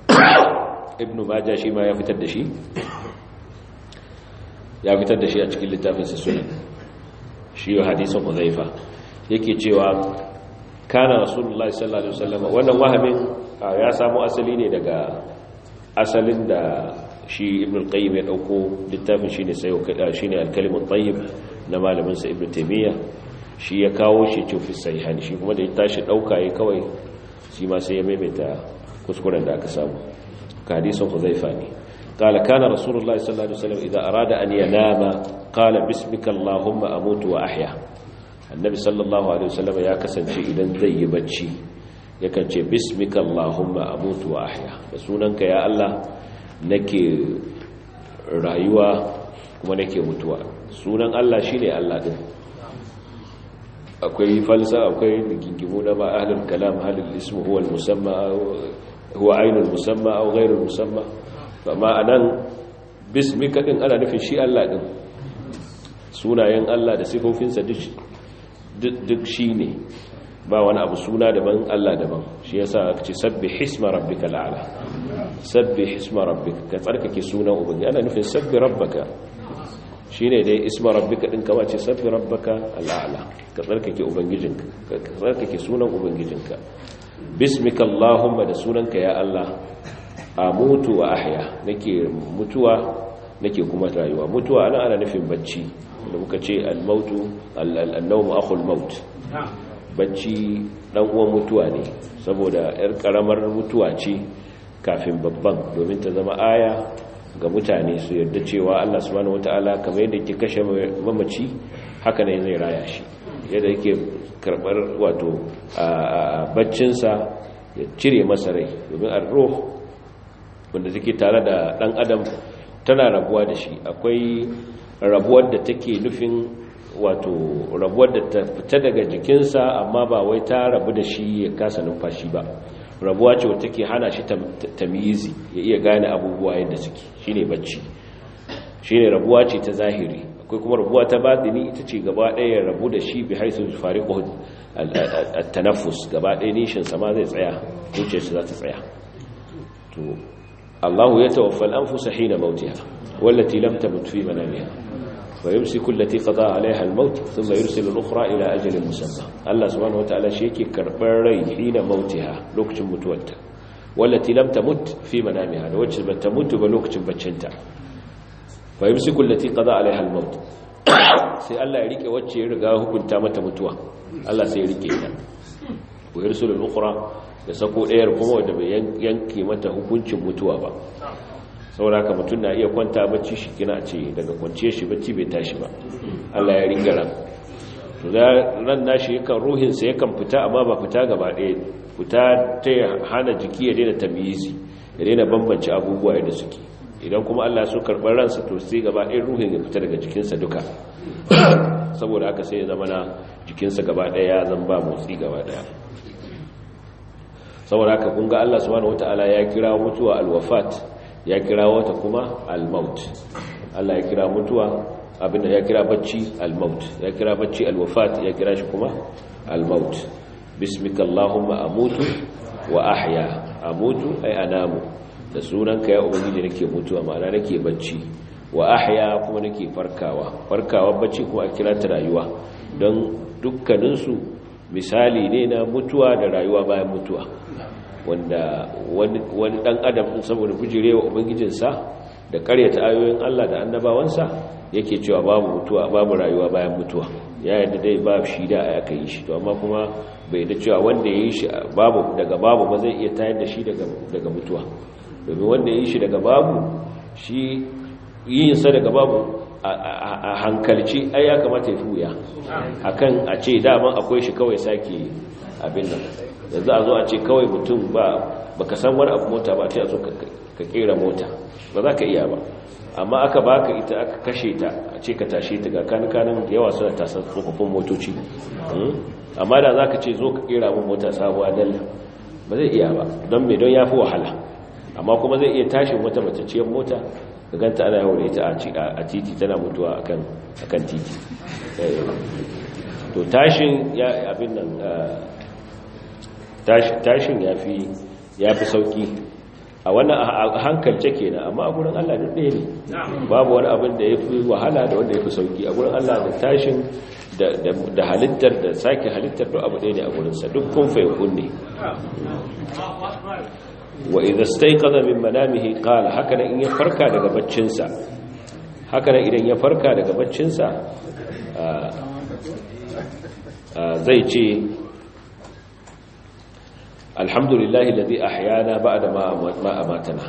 ibn majah shi ma ya fitar da shi ya fitar da shi a cikin littafinsa sunan shi ya hadisun huzaifa yake cewa kana rasulullahi sallallahu alaihi wasallam wannan wahamin ya samu asali ne daga asalin da shi ibn al-qayyim ya dauko littafin shine sai shine al-kalimut tayyib na malamin sa ibn taymiyyah shi ya kawo shi cufi sahihani shi kuma da ya tashi ɗauka ya kawai shi ma sai ya maimaita kuskuren da aka samu hadisin huzaifa ne qala kana rasulullah sallallahu alaihi wasallam idan arada an yanama qala bismika allahumma amutu wa ahya annabi sallallahu alaihi wasallam ya kasance idan zai yi bacci yakan ce bismika allahumma amutu wa ahya da sunanka ya allah nake rayuwa kuma nake mutuwa sunan allah shine allah din akwai falsa akwai gingimu na ma'ahalar kalam halin ismu huwa musamma huwa ainihin musamma au gairin musamma amma a nan bismika ɗin ana nufin shi allah ɗin sunayen allah da sifofinsa duk shi ne ba wani abu suna daban allah daban shi ya sa ce sabbi hisma rabbika ala sabbi hisma rabbika ka tsarkake sunan ubangi ana nufin sabbi rabbaka shine dai isma rabbika din kama ce sabbi rabbaka al'ala ka tsarkake ubangijinka ka tsarkake sunan ubangijinka bismika allahumma da sunanka ya allah amutu wa ahya nake mutuwa nake kuma rayuwa mutuwa ana ana nufin bacci da muka ce al-mautu al-nawm akhul maut bacci dan uwan mutuwa ne saboda yar karamar mutuwa ce kafin babban domin ta zama aya ga mutane su yarda cewa Allah subhanahu wataala kamar yadda yake kashe mamaci haka ne zai raya shi yadda yake karbar wato baccin sa ya cire masa rai domin ar-ruh wanda take tare da dan adam tana rabuwa da shi akwai rabuwar da take nufin wato rabuwar da ta fita daga jikinsa amma ba wai ta rabu da shi ya kasa numfashi ba rabuwa ce wata ke hana shi tamizi ya iya gane abubuwa yadda suke ne bacci ne rabuwa ce ta zahiri akwai kuma rabuwa ta batini ita ce gaba ɗaya rabu da shi bi haisu fariqu at-tanaffus gaba ɗaya nishin sama zai tsaya zuciyar shi za ta tsaya to Allahu yatawaffa al-anfusa hina mautiha wallati lamta mutu fi miya. فيمسك التي قضى عليها الموت ثم يرسل الأخرى إلى أجل مسمى الله سبحانه وتعالى شيكي كربري حين موتها لوكت متوتة والتي لم تمت في منامها لوكت من تمت بلوكت بچنتا فيمسك التي قضى عليها الموت sai Allah ya rike wacce ya riga hukunta mata mutuwa Allah sai ya rike ta wa yursulul ukhra da sako dayar kuma wanda bai yanke mata hukuncin mutuwa ba sauraka mutum na iya kwanta bacci shi kina ce daga kwanci shi bacci bai tashi ba Allah ya ringa ran to da ran nashi yakan ruhinsa yakan fita amma ba fita gaba ɗaya fita ta hana jiki ya daina tamyizi ya daina bambance abubuwa yadda suke idan kuma Allah su karɓar ransa to sai gaba ɗaya ruhin ya fita daga jikinsa duka saboda aka sai ya zama na jikinsa gaba ɗaya ya zan ba motsi gaba ɗaya saboda haka kun ga Allah subhanahu wataala ya kira mutuwa alwafat ya kira wata kuma al-maut Allah ya kira mutuwa abinda ya kira bacci al-maut ya kira bacci al-wafat ya kira shi kuma al-maut bismika allahumma amutu wa ahya amutu ay anamu da sunanka ya ubangiji nake mutuwa ma'ana nake bacci wa ahya kuma nake farkawa farkawa bacci kuma a kira ta rayuwa don dukkaninsu misali ne na mutuwa da rayuwa bayan mutuwa wanda wani dan adam din saboda bujirewa ubangijinsa da karyata ayoyin Allah da annabawansa yake cewa babu mutuwa babu rayuwa bayan mutuwa ya yadda dai ba shi da ya yi shi to amma kuma bai da cewa wanda ya shi babu daga babu ba zai iya tayar da shi daga mutuwa domin wanda ya shi daga babu shi yin sa daga babu a hankalci ai ya kamata ya fuya akan a ce da ban akwai shi kawai sake abin nan yanzu a zo a ce kawai mutum ba ka san wani abu mota ba ce a zo ka kera mota ba za ka iya ba amma aka ka ita aka kashe ta a ce ka tashe ta ga kankanin yawa suna tasar tsofaffin motoci hmm? amma da za ka ce zo ka kera mun mota sabuwa dalla ba zai iya ba don mai don ya fi wahala amma kuma zai iya tashin wata matacciyar mota ka ganta ana yawon ita a titi tana mutuwa akan titi eh. to tashin ya abin nan ah, tashin ya fi ya fi sauki a wannan hankalce kenan amma a gurin Allah duk ɗaya ne babu wani abin da ya fi wahala da wanda ya fi sauki a gurin Allah da tashin da halittar da sake halittar da abu ɗaya ne a gurinsa duk kun faikun ne wa idza stayqadha min manamihi qala haka nan in ya farka daga baccinsa haka nan idan ya farka daga baccinsa zai ce alhamdulillahi da zai ahyana ba da amatana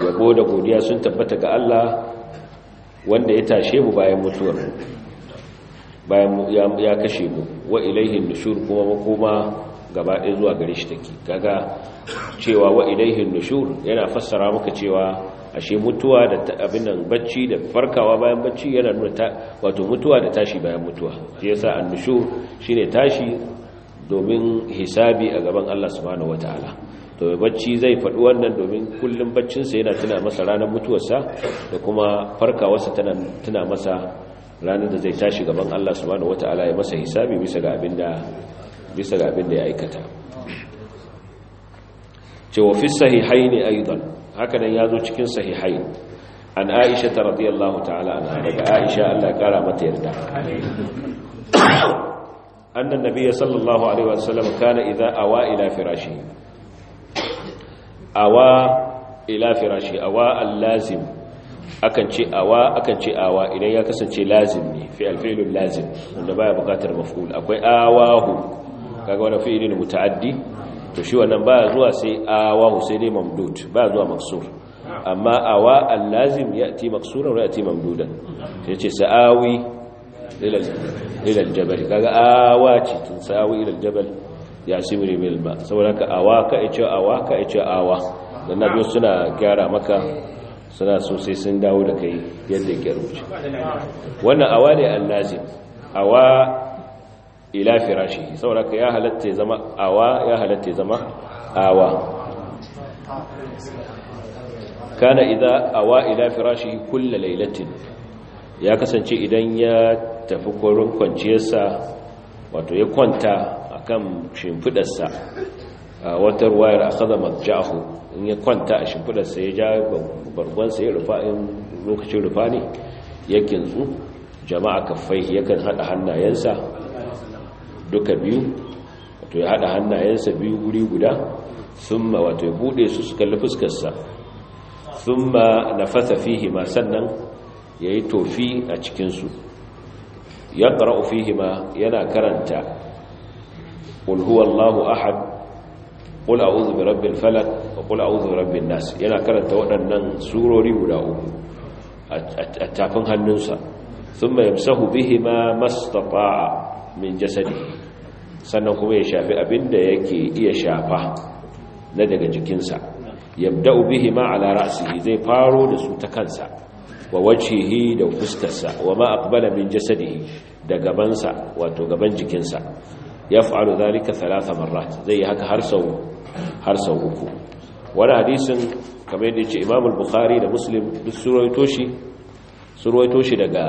yabo da godiya sun tabbata ga Allah wanda ya tashe mu bayan mutuwar bayan ya kashe mu wa ilaihin nushur kuma makoma gaba ɗaya zuwa gare shi take kaga cewa wa ilaihin nushur yana fassara maka cewa ashe mutuwa da abin nan bacci da farkawa bayan bacci yana nuna wato mutuwa da tashi bayan mutuwa shi yasa annushur shine tashi domin hisabi a gaban Allah subhanahu wataala to bacci zai faɗi wannan domin kullum baccinsa yana tuna masa ranar mutuwarsa da kuma farkawarsa tana masa ranar da zai tashi gaban Allah subhanahu wataala ya masa hisabi bisa ga abin da ya aikata ce wa fi sahihaini aidan haka nan yazo cikin sahihai an Aisha radiyallahu ta'ala anha Aisha Allah ya kara mata yarda أن النبي صلى الله عليه وسلم كان إذا أوى إلى فراشه أوى إلى فراشه أوى اللازم akan ce akan ce awa idan ya kasance lazim ne fi alfilul lazim wanda baya bukatar maf'ul akwai awahu kaga wannan fi'ili ne muta'addi to shi wannan baya zuwa sai awahu sai dai mamdud Ba zuwa maksur amma awa allazim mamdudan ce sa'awi ilal jabal kaga awa ce tun sawi ilal jabal ya simri bil ba saboda ka awa ka ice awa ka ice awa dan biyo suna gyara maka suna so sai sun dawo da kai yadda ke rubuce wannan awa ne annazim awa ila firashi saboda ka ya halatta zama awa ya halatta zama awa kana idza awa ila firashi kullu lailatin ya kasance idan ya tafi korin kwanciyarsa wato ya kwanta a kan shimfidarsa a wata ruwayar akhadha matjahu in ya kwanta a shimfidarsa ya ja bargonsa ya rufa in lokacin rufa ne ya kinzu jama'a kafai yakan hada hannayensa duka biyu wato ya hada hannayensa biyu guri guda ma wato ya buɗe su su kalli fuskarsa na fasa fihi ma sannan yi tofi a cikinsu. ya ƙara'u fihima yana karanta ƙulhuwallahu ahad ƙula uzu bi rabbin falak da ƙula uzu bi rabbin nas yana karanta waɗannan surori guda uku a tafin hannunsa sun mai yamsahu bihima mastafa min jasadi sannan kuma ya shafi abin da yake iya shafa na daga jikinsa yabda'u bihima ala ra'sihi zai faro da su ta kansa wa wajhihi da fuskarsa wa ma aqbala min jasadihi da gabansa wato gaban jikinsa yaf'alu dhalika thalatha marrat zai haka har sau har sau uku wani hadisin kamar yadda yace Imam al-Bukhari da Muslim duk surwaito shi shi daga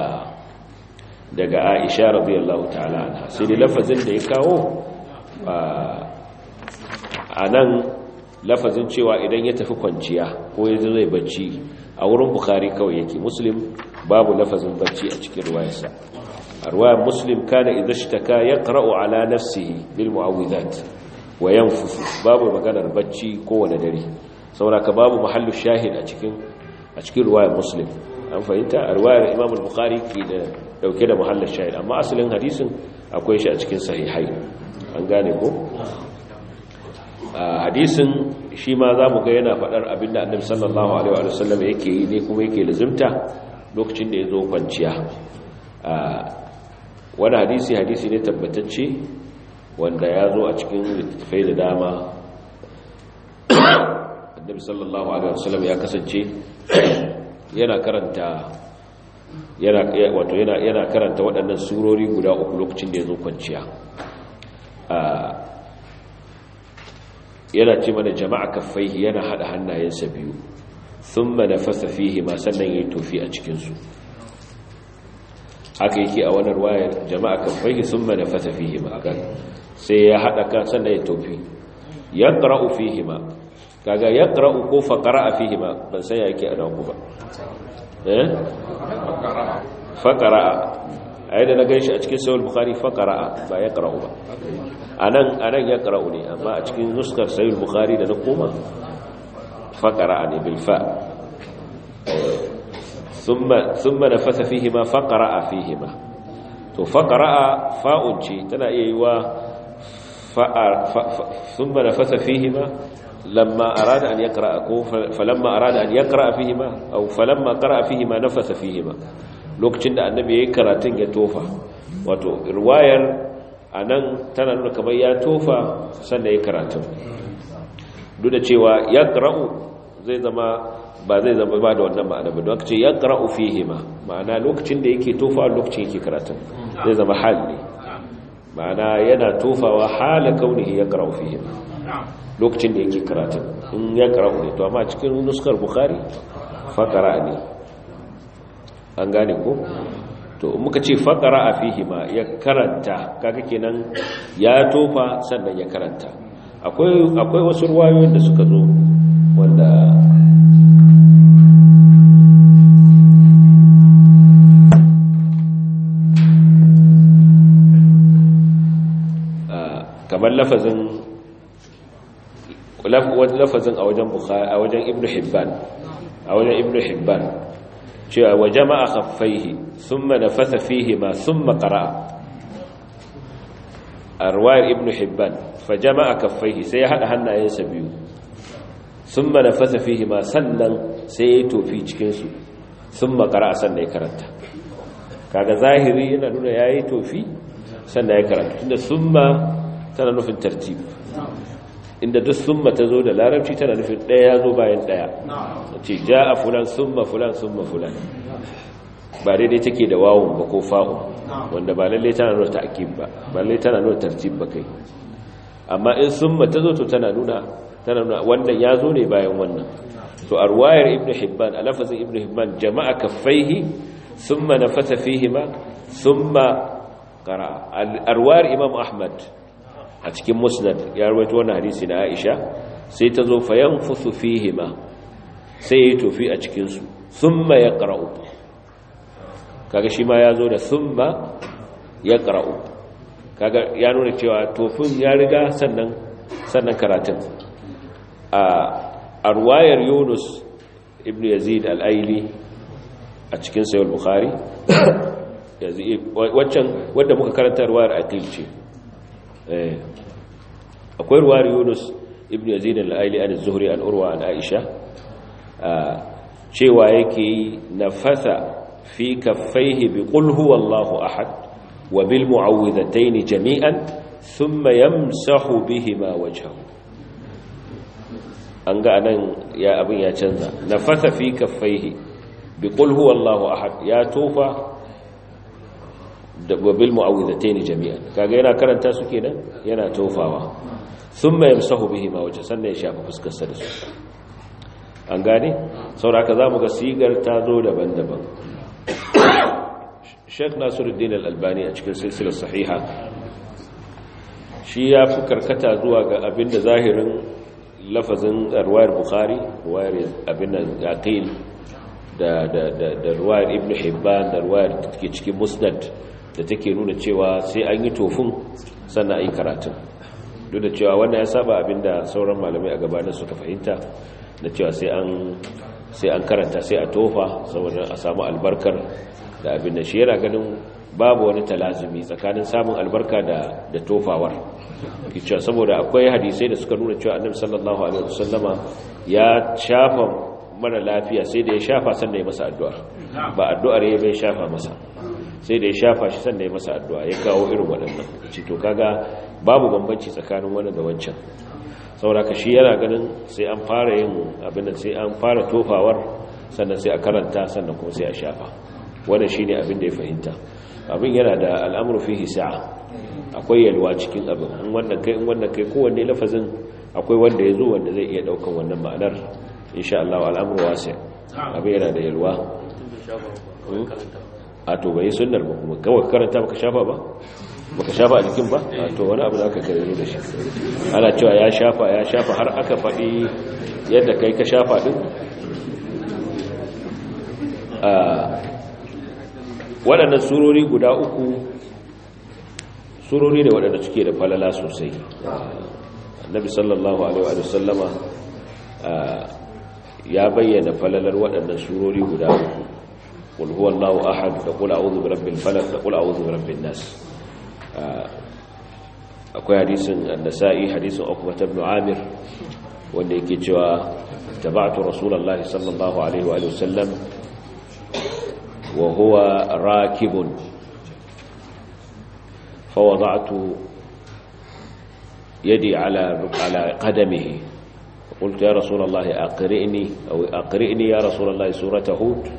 daga Aisha radiyallahu ta'ala anha sai da lafazin da ya kawo a nan lafazin cewa idan ya tafi kwanciya ko ya zai bacci a wurin bukhari kawai yake muslim babu lafazin bacci a cikin ruwayarsa a ruwayar muslim kana idan shi taka ya ƙara'u ala nafsihi bil mu'awidat wa fusu babu maganar bacci kowane dare sauraka babu mahallu shahid a cikin ruwayar muslim an fahimta a ruwayar imamul bukhari ke da dauke da muhallar shahid amma asalin hadisin akwai shi a cikin sahihai an gane ko hadisin shi ma za mu ga yana faɗar abinda annabi sallallahu alaihi wa sallam yake yi ne kuma yake lazimta lokacin da ya zo kwanciya wani hadisi hadisi ne tabbatacce wanda ya zo a cikin littattafai da dama annabi sallallahu alaihi wa sallam ya kasance yana karanta yana wato yana yana karanta waɗannan surori guda uku lokacin da ya zo kwanciya yana ce mana jama'a kaffaihi yana hada hannayensa biyu thumma nafasa fihi ma sannan yi tofi a cikinsu. haka yake a wani ruwaya jama'a kaffaihi thumma nafasa fihi ma kan sai ya hada kan sannan ya tofi yaqra'u fihi ma kaga ƙara'u ko fa qara'a fihi ma ban sai yake a dauku ba eh? a yadda na ganshi a cikin sayul bukhari fa ba ya qara'u ba anan anan ya qara'u ne amma a cikin nuskar sayul bukhari da na koma fa ne bilfa sun mana fasa nafasa fihi ma fa qara'a fihi to fa qara'a fa'un tana iya yiwa ثم نفث فيهما لما أراد أن يقرأ فلما أراد أن يقرأ فيهما أو فلما قرأ فيهما نفث فيهما lokacin da annabi ya yi karatun ya tofa wato a nan tana nuna kamar ya tofa sannan yi karatun duk da cewa yaqra'u zai zama ba zai zama ba da wannan ma'ana ba don ce yaqra'u fi hima ma'ana lokacin da yake tofa lokacin yake karatun zai zama hal ne ma'ana yana tofawa hala ya yaqra'u fi hima lokacin da yake karatun in yaqra'u ne to amma cikin nuskar bukari fakara ne an gane ko to muka ce faqara fihi ma ya karanta kaga kenan ya tofa sannan ya karanta akwai akwai wasu ruwayoyi da suka zo wanda ah, kamar lafazin lafazin a wajen bukhari a wajen ibnu hibban a wajen ibnu hibban cewa wa jama'a sun mana fasa fihi ma thumma qara'a arwayar ibn hibban fa jama'a kaffaihi sai ya hada hannayensa biyu thumma nafasa fihi ma sannan sai ya tofi cikin su thumma qara'a sannan ya karanta kaga zahiri yana nuna ya yi tofi sannan ya karanta tunda thumma tana nufin tartib inda duk summa ta zo da larabci tana nufin ɗaya ya zo bayan ɗaya ce ja a fulan summa fulan summa fulan ba daidai take da wawon ba ko fa'un wanda ba lallai tana nuna ta'akib ba ba lallai tana nuna tartib ba kai amma in summa ta zo to tana nuna tana nuna wannan ya zo ne bayan wannan to a ruwayar ibn hibban a lafazin ibn hibban jama'a kaffaihi summa nafasa fihima summa qara'a a ruwayar imam ahmad a cikin musnad ya rawaito wannan hadisi na Aisha sai ta zo fayanfusu fihima sai ya tofi a cikin su thumma yaqra'u kaga shi ma yazo da thumma yaqra'u kaga ya nuna cewa tofin ya riga sannan sannan karatun a arwayar Yunus ibn Yazid al-Aili a cikin sahih al-Bukhari yanzu waccan wanda muka karanta arwayar aqil ce Eh. akwai ruwar yunus ibn yazid al-aili an zuhri an urwa an aisha cewa yake nafasa fi kaffaihi bi qul huwallahu ahad wa bil mu'awwidhatayn jami'an thumma yamsahu bihima wajhahu an ga anan ya abin ya canza nafasa fi kaffaihi bi qul huwallahu ahad ya tufa. da babil mu'awwidhatayn jami'an kaga yana karanta su kenan yana tofawa thumma yamsahu bihima wajha sannan ya shafa fuskar sa da su an gane sauraka zamu ga sigar ta zo daban-daban Sheikh Nasiruddin Al-Albani a cikin silsilar sahiha shi ya fi karkata zuwa ga abinda zahirin lafazin ruwayar Bukhari ruwayar abinda Aqil da da da ruwayar Ibn Hibban da ruwayar take cikin Musnad da take nuna cewa sai an yi tofin sannan a yi karatun duk da cewa wannan ya saba abin da sauran malamai a gabanin suka fahimta da cewa sai an karanta sai a tofa saboda a samu albarkar da abin da shi yana ganin babu wani talazumi tsakanin samun albarka da tofawar kicewa saboda akwai hadisai da suka nuna cewa annabi sallallahu alaihi wasallama ya shafa mara lafiya sai da ya shafa sannan ya masa addu'a ba addu'ar ya bai shafa masa sai da ya shafa shi sannan ya masa addu'a ya kawo irin waɗannan ci to kaga babu bambanci tsakanin wani da wancan sauraka shi yana ganin sai an fara yin abin da sai an fara tofawar sannan sai a karanta sannan kuma sai a shafa wannan shine abin da ya fahimta abin yana da al'amru fihi sa'a akwai yalwa cikin abin in wannan kai in wannan kai kowanne lafazin akwai wanda ya zo wanda zai iya daukan wannan ma'anar insha Allah al'amru wasi abin yana da yalwa hmm? a to bai sunnar ba kuma kawai karanta baka shafa ba baka shafa a jikin ba a to wani abu da aka karero da shi ana cewa ya shafa ya shafa har aka faɗi yadda kai ka shafa din waɗannan surori guda uku surori da waɗanda suke da falala sosai annabi sallallahu alaihi wa sallama ya bayyana falalar waɗannan surori guda uku قل هو الله أحد تقول أعوذ برب الفلق تقول أعوذ برب الناس آه، اكو حديث النسائي حديث أقوة بن عامر واني كتوى اتبعت رسول الله صلى الله عليه وآله وسلم وهو راكب فوضعت يدي على على قدمه قلت يا رسول الله أقرئني أو أقرئني يا رسول الله سورة هود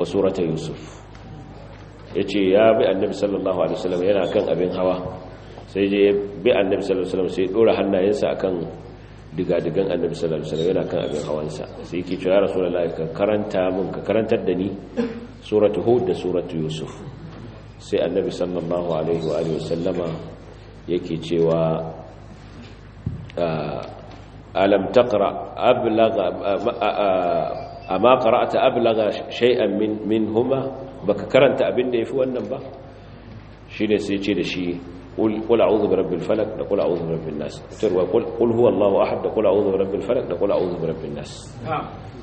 wa surata yusuf ya ce ya bi annabi sallallahu alaihi wasallam yana kan abin hawa sai je bi annabi sallallahu alaihi wasallam sai dora hannayensa akan digadigan annabi sallallahu alaihi wasallam yana kan abin hawansa sai yake cewa rasulullahi ka karanta mun ka karantar da ni suratu hud da suratu yusuf sai annabi sallallahu alaihi wa alihi wasallama yake cewa ah, alam taqra ablagha amma qara'ata ablaga shay'an min minhuma baka karanta abin da yafi wannan ba shine sai ce da shi qul qul a'udhu bi rabbil falaq da qul a'udhu bi rabbin nas tarwa qul qul huwa allah ahad da qul a'udhu bi rabbil falaq da qul a'udhu bi rabbin nas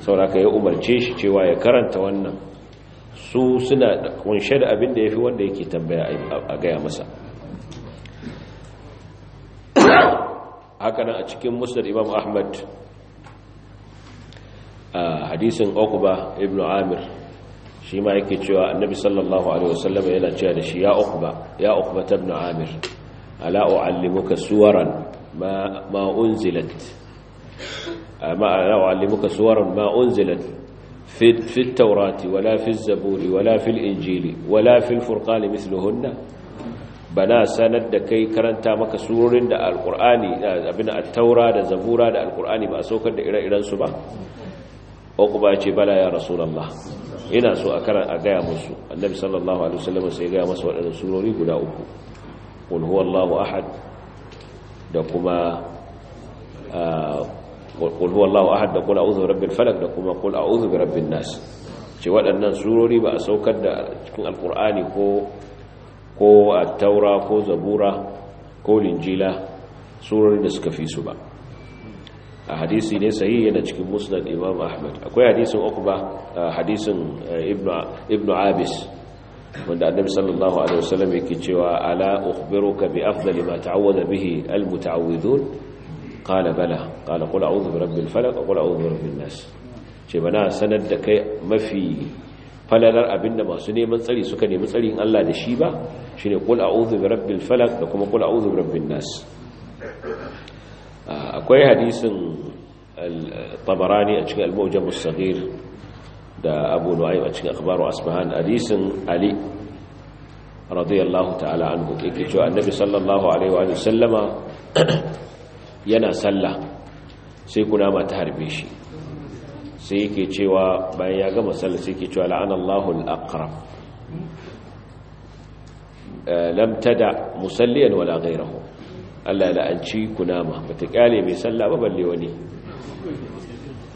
sauraka ya umarce shi cewa ya karanta wannan su suna kunshe da abin da yafi wanda yake tambaya a gaya masa hakanan a cikin musnad imam ahmad hadisin Uqba ibn Amir shi ma yake cewa Annabi sallallahu alaihi wasallam yana cewa da shi ya Uqba ya Uqba ibn Amir ala uallimuka suwaran ma ma unzilat ala uallimuka suwaran ma unzilat في في التوراة ولا في الزبور ولا injili wala ولا في الفرقان مثلهن بنا da kai karanta maka surorin da alqur'ani abin at-taura da zabura da alqur'ani ba saukar da ire-iren su ba ba ya ce bala ya rasulallah ina so a karan a gaya musu annabi sallallahu alaihi wasallam sai gaya masa waɗannan surori guda uku qul huwallahu ahad da kuma qul huwallahu ahad da qul a'udhu birabbil falaq da kuma qul a'udhu birabbin nas ce waɗannan surori ba a saukar da cikin alqur'ani ko ko at-taura ko zabura ko linjila surori da suka fi su ba a hadisi ne sahihi yana cikin musnad imam ahmad akwai hadisin ukba hadisin ibnu abis wanda annabi sallallahu alaihi wasallam yake cewa ala ukhbiruka bi afdali ma ta'awwada bihi almuta'awwidun qala bala qala qul a'udhu bi rabbil falaq qul a'udhu bi rabbin nas ce bana sanar da kai mafi falalar abinda masu neman tsari suka nemi tsarin Allah da shi ba shine qul a'udhu bi rabbil falaq da kuma qul a'udhu bi rabbin nas akwai hadisin tabarani a cikin al-mawjam da Abu Nu'aym a cikin akhbaru Asbahan hadisin Ali radiyallahu ta'ala anhu yake cewa annabi sallallahu alaihi wa sallama yana sallah sai kunama ta harbe shi sai yake cewa bayan ya gama sallah sai yake cewa la'anallahu al-aqrab eh, lam tada musalliyan wala ghayrahu Allah la'anci kunama bata kyale mai sallah ba balle wani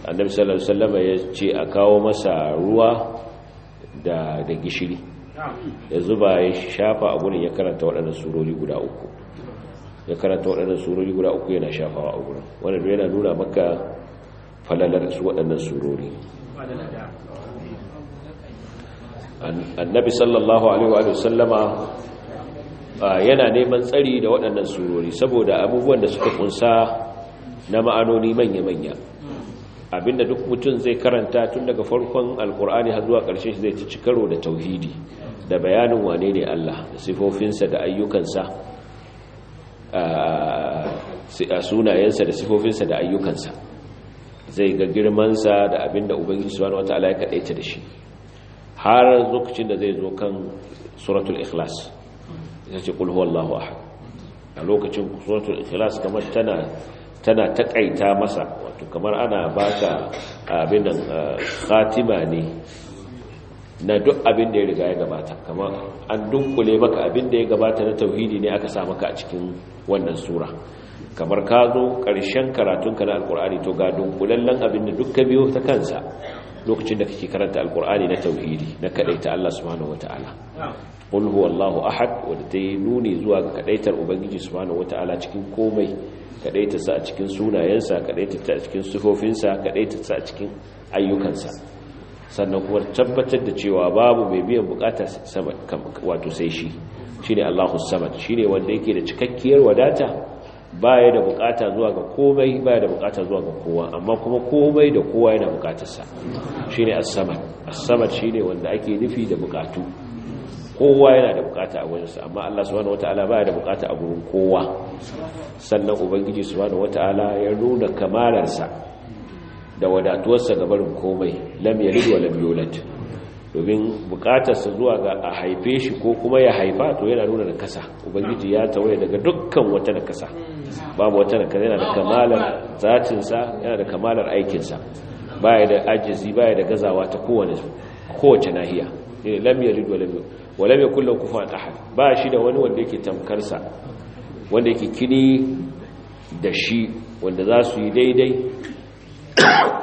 annabi sallallahu alaihi wasallam ya ce a kawo masa ruwa da da gishiri ya zuba ya shafa a ya karanta waɗannan surori guda uku ya karanta waɗannan surori guda uku yana shafawa a gurin duk yana nuna maka falalar su waɗannan surori annabi sallallahu alaihi wa sallama yana neman tsari da waɗannan surori saboda abubuwan da suka kunsa na ma'anoni manya-manya abinda duk mutum zai karanta tun daga farkon alkur'ani har zuwa ƙarshe zai ci karo da tauhidi da bayanin wane ne Allah da sifofinsa da ayyukansa a sunayensa da sifofinsa da ayyukansa zai ga girmansa da abinda ubangiji subhanahu wataala ya ta da shi har lokacin da zai zo kan suratul ikhlas ita ce qul ahad a lokacin suratul ikhlas kamar tana tana takaita masa wato kamar ana baka abin nan khatima ne na duk abin da ya riga ya gabata kamar an dunkule maka abin da ya gabata na tauhidi ne aka samu ka a cikin wannan sura kamar ka zo ƙarshen ka na alkur'ani to ga dunkulallen abin da dukkan biyo ta kansa lokacin da kake karanta alkur'ani na tauhidi na kaɗai ta Allah subhanahu wata'ala qul huwallahu ahad wanda ta yi nuni zuwa ga kadaitar ubangiji subhanahu wata'ala cikin komai kadaita sa a cikin sunayensa kadaita ta a cikin sifofinsa kadaita ta a cikin ayyukansa sannan kuma tabbatar da cewa babu mai biyan bukata sama wato sai shi shine Allahu samad shine wanda yake da cikakkiyar wadata baya da bukata zuwa ga komai baya da bukata zuwa ga kowa amma kuma komai da kowa yana bukatarsa shine as-samad as-samad shine wanda ake nufi da bukatu kowa yana da bukata a wajensa amma Allah subhanahu wataala baya da bukata a gurin kowa sannan ubangiji subhanahu wataala ya nuna kamalarsa da wadatuwarsa ga barin komai lam yalid wa lam yulad domin bukatarsa zuwa ga a haife shi ko kuma ya haifa to yana nuna da kasa ubangiji ya tawaye daga dukkan wata da kasa babu wata da kasa yana da kamalar zatinsa yana da kamalar aikinsa baya da ajizi baya da gazawa ta kowace nahiya lam yalid wa lam wala mai kullum kufa a ahad ba shi da wani wanda yake tamkarsa wanda yake kini da shi wanda za su yi daidai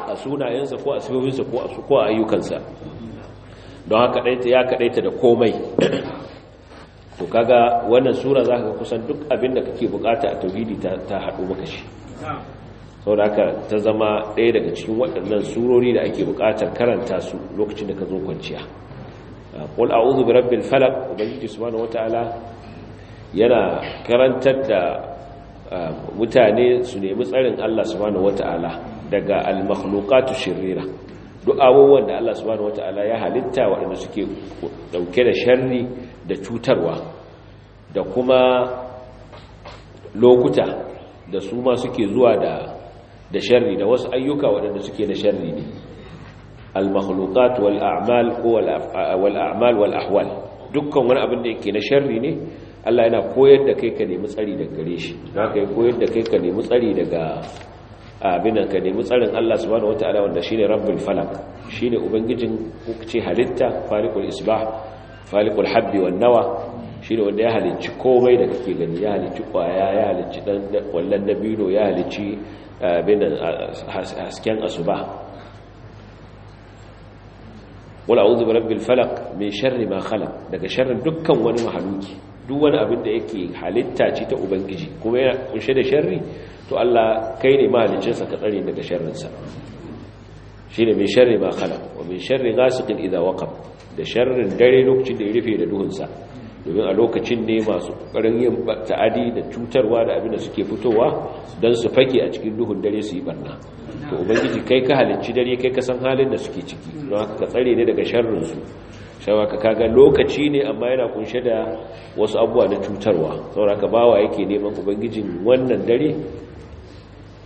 a sunayensa ko a sifofinsa ko a ayyukansa don haka ya kaɗaita da komai to kaga wannan sura za ka kusan duk abin da kake bukata a tauhidi ta haɗu maka shi sau da haka ta zama ɗaya daga cikin waɗannan surori da ake bukatar karanta su lokacin da ka zo kwanciya qul a'udhu rabbil falaq ubangiji subhanahu wataala yana karantar da mutane su nemi tsarin Allah subhanahu wataala daga al-makhluqatu shirira duk abubuwan da Allah subhanahu wataala ya halitta waɗanda suke dauke da sharri da cutarwa da kuma lokuta da su ma suke zuwa da da sharri da wasu ayyuka waɗanda suke da sharri ne al-makhluqat wal a'mal wal a'mal wal ahwal dukkan wani abin da yake na sharri ne Allah yana koyar da kai ka nemi tsari daga gare shi haka ya koyar da kai ka nemi tsari daga abin nan ka nemi tsarin Allah subhanahu wataala wanda shine rabbul falak shine ubangijin hukunci halitta faliqul isbah faliqul habbi wan nawa shine wanda ya halicci komai da kake gani ya halicci kwaya ya halicci dan wallan dabino ya halicci abin hasken asuba wala a'udhu bi rabbil falaq min sharri ma khalaq daga sharrin dukkan wani mahaluki duk wani abin da yake halitta ce ta ubangiji kuma yana kunshe da sharri to Allah kai ne mahalicin sa ka tsare daga sharrin sa shine min sharri ma khalaq wa min sharri ghasiqin idha waqab da sharrin dare lokacin da ya rufe da duhun sa domin a lokacin ne masu ƙoƙarin yin ta'adi da cutarwa da abin da suke fitowa don su fake a cikin duhun dare su yi barna to ubangiji kai ka halicci dare kai ka san halin da suke ciki don haka ka tsare ne daga sharrinsu su shawa ka kaga lokaci ne amma yana kunshe da wasu abubuwa na cutarwa saboda ka bawa yake neman ubangijin wannan dare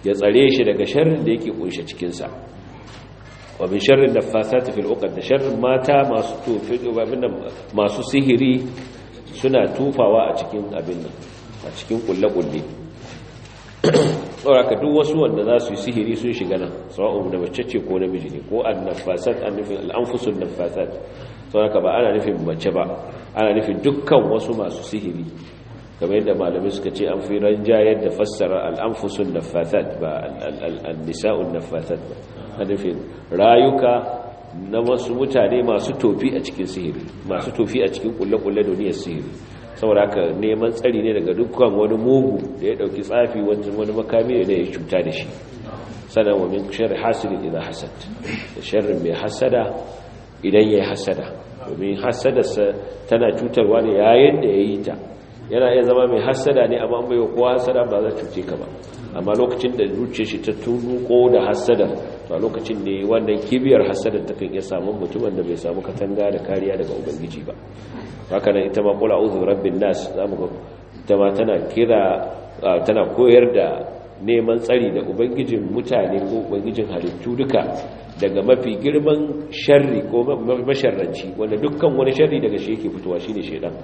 ya tsare shi daga sharrin da yake kunshe cikinsa sa wa min sharrin naffasati fil uqad da sharrin mata masu da masu sihiri suna tufawa a cikin abin nan a cikin kulle-kulle tsoraka duk wasu wanda za su yi sihiri sun shiga nan sawa'un da mace ce ko namiji ne ko nafasat an nufin al'amfusun nafasat tsoraka ba ana nufin mace ba ana nufin dukkan wasu masu sihiri kamar yadda malamai suka ce an fi ranjayar da fassara al'amfusun nafasat ba al'nisa'un nafasat ba nufin rayuka na wasu mutane masu tofi a cikin sihiri masu tofi a cikin kulle-kulle duniyar sihiri saboda haka neman tsari ne daga dukkan wani mugu da ya dauki tsafi wani makami da ya cuta da shi sannan wa min sharri hasidin idan hasad da sharrin mai hasada idan ya hasada domin hasadarsa tana cutarwa ne yayin da ya yi ta yana iya zama mai hasada ne amma bai kowa hasada ba za cuce ka ba amma lokacin da zuciya shi ta tunuko da hasada ba lokacin ne wannan kibiyar hasada ta kan iya samu mutumin da bai samu katanga da kariya daga ubangiji ba haka nan ita ma kula uzu rabbin nas za mu ga ita ma tana kira tana koyar da neman tsari da ubangijin mutane ko ubangijin halittu duka daga mafi girman sharri ko masharranci wanda dukkan wani sharri daga shi yake fitowa shine shedan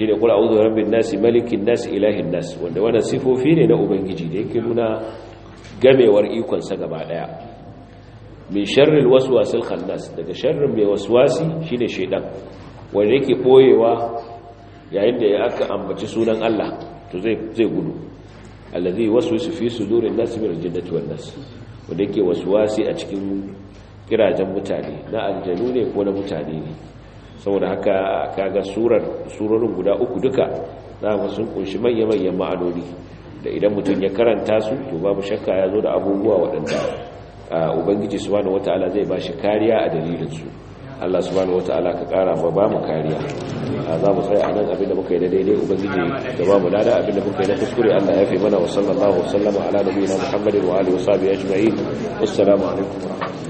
shi ne kula auzu rabin nasi malikin nasi ilahin nasi wanda wannan sifofi ne na ubangiji da yake nuna gamewar ikonsa gaba daya min sharril waswasil khannas daga sharrin mai waswasi shine shaidan wanda yake boyewa yayin da ya aka ambaci sunan Allah to zai zai gudu allazi waswisu fi sudurin nasi min aljannati wan nas wanda yake waswasi a cikin kirajen mutane na aljanu ne ko na mutane ne saboda haka ga surar surorin guda uku duka za sun kunshi manya-manyan ma'anoni da idan mutum ya karanta su to babu shakka ya zo da abubuwa waɗanda ubangiji subhanahu wata'ala zai ba shi kariya a dalilinsu Allah subhanahu wata'ala ka kara ba ba mu kariya za mu tsaya a nan abinda muka yi da daidai ubangiji da ba mu lada abinda muka yi da kuskure Allah ya fi mana wa sallallahu wa sallama ala nabiyina Muhammadin wa alihi wa sahbihi ajma'in assalamu alaikum wa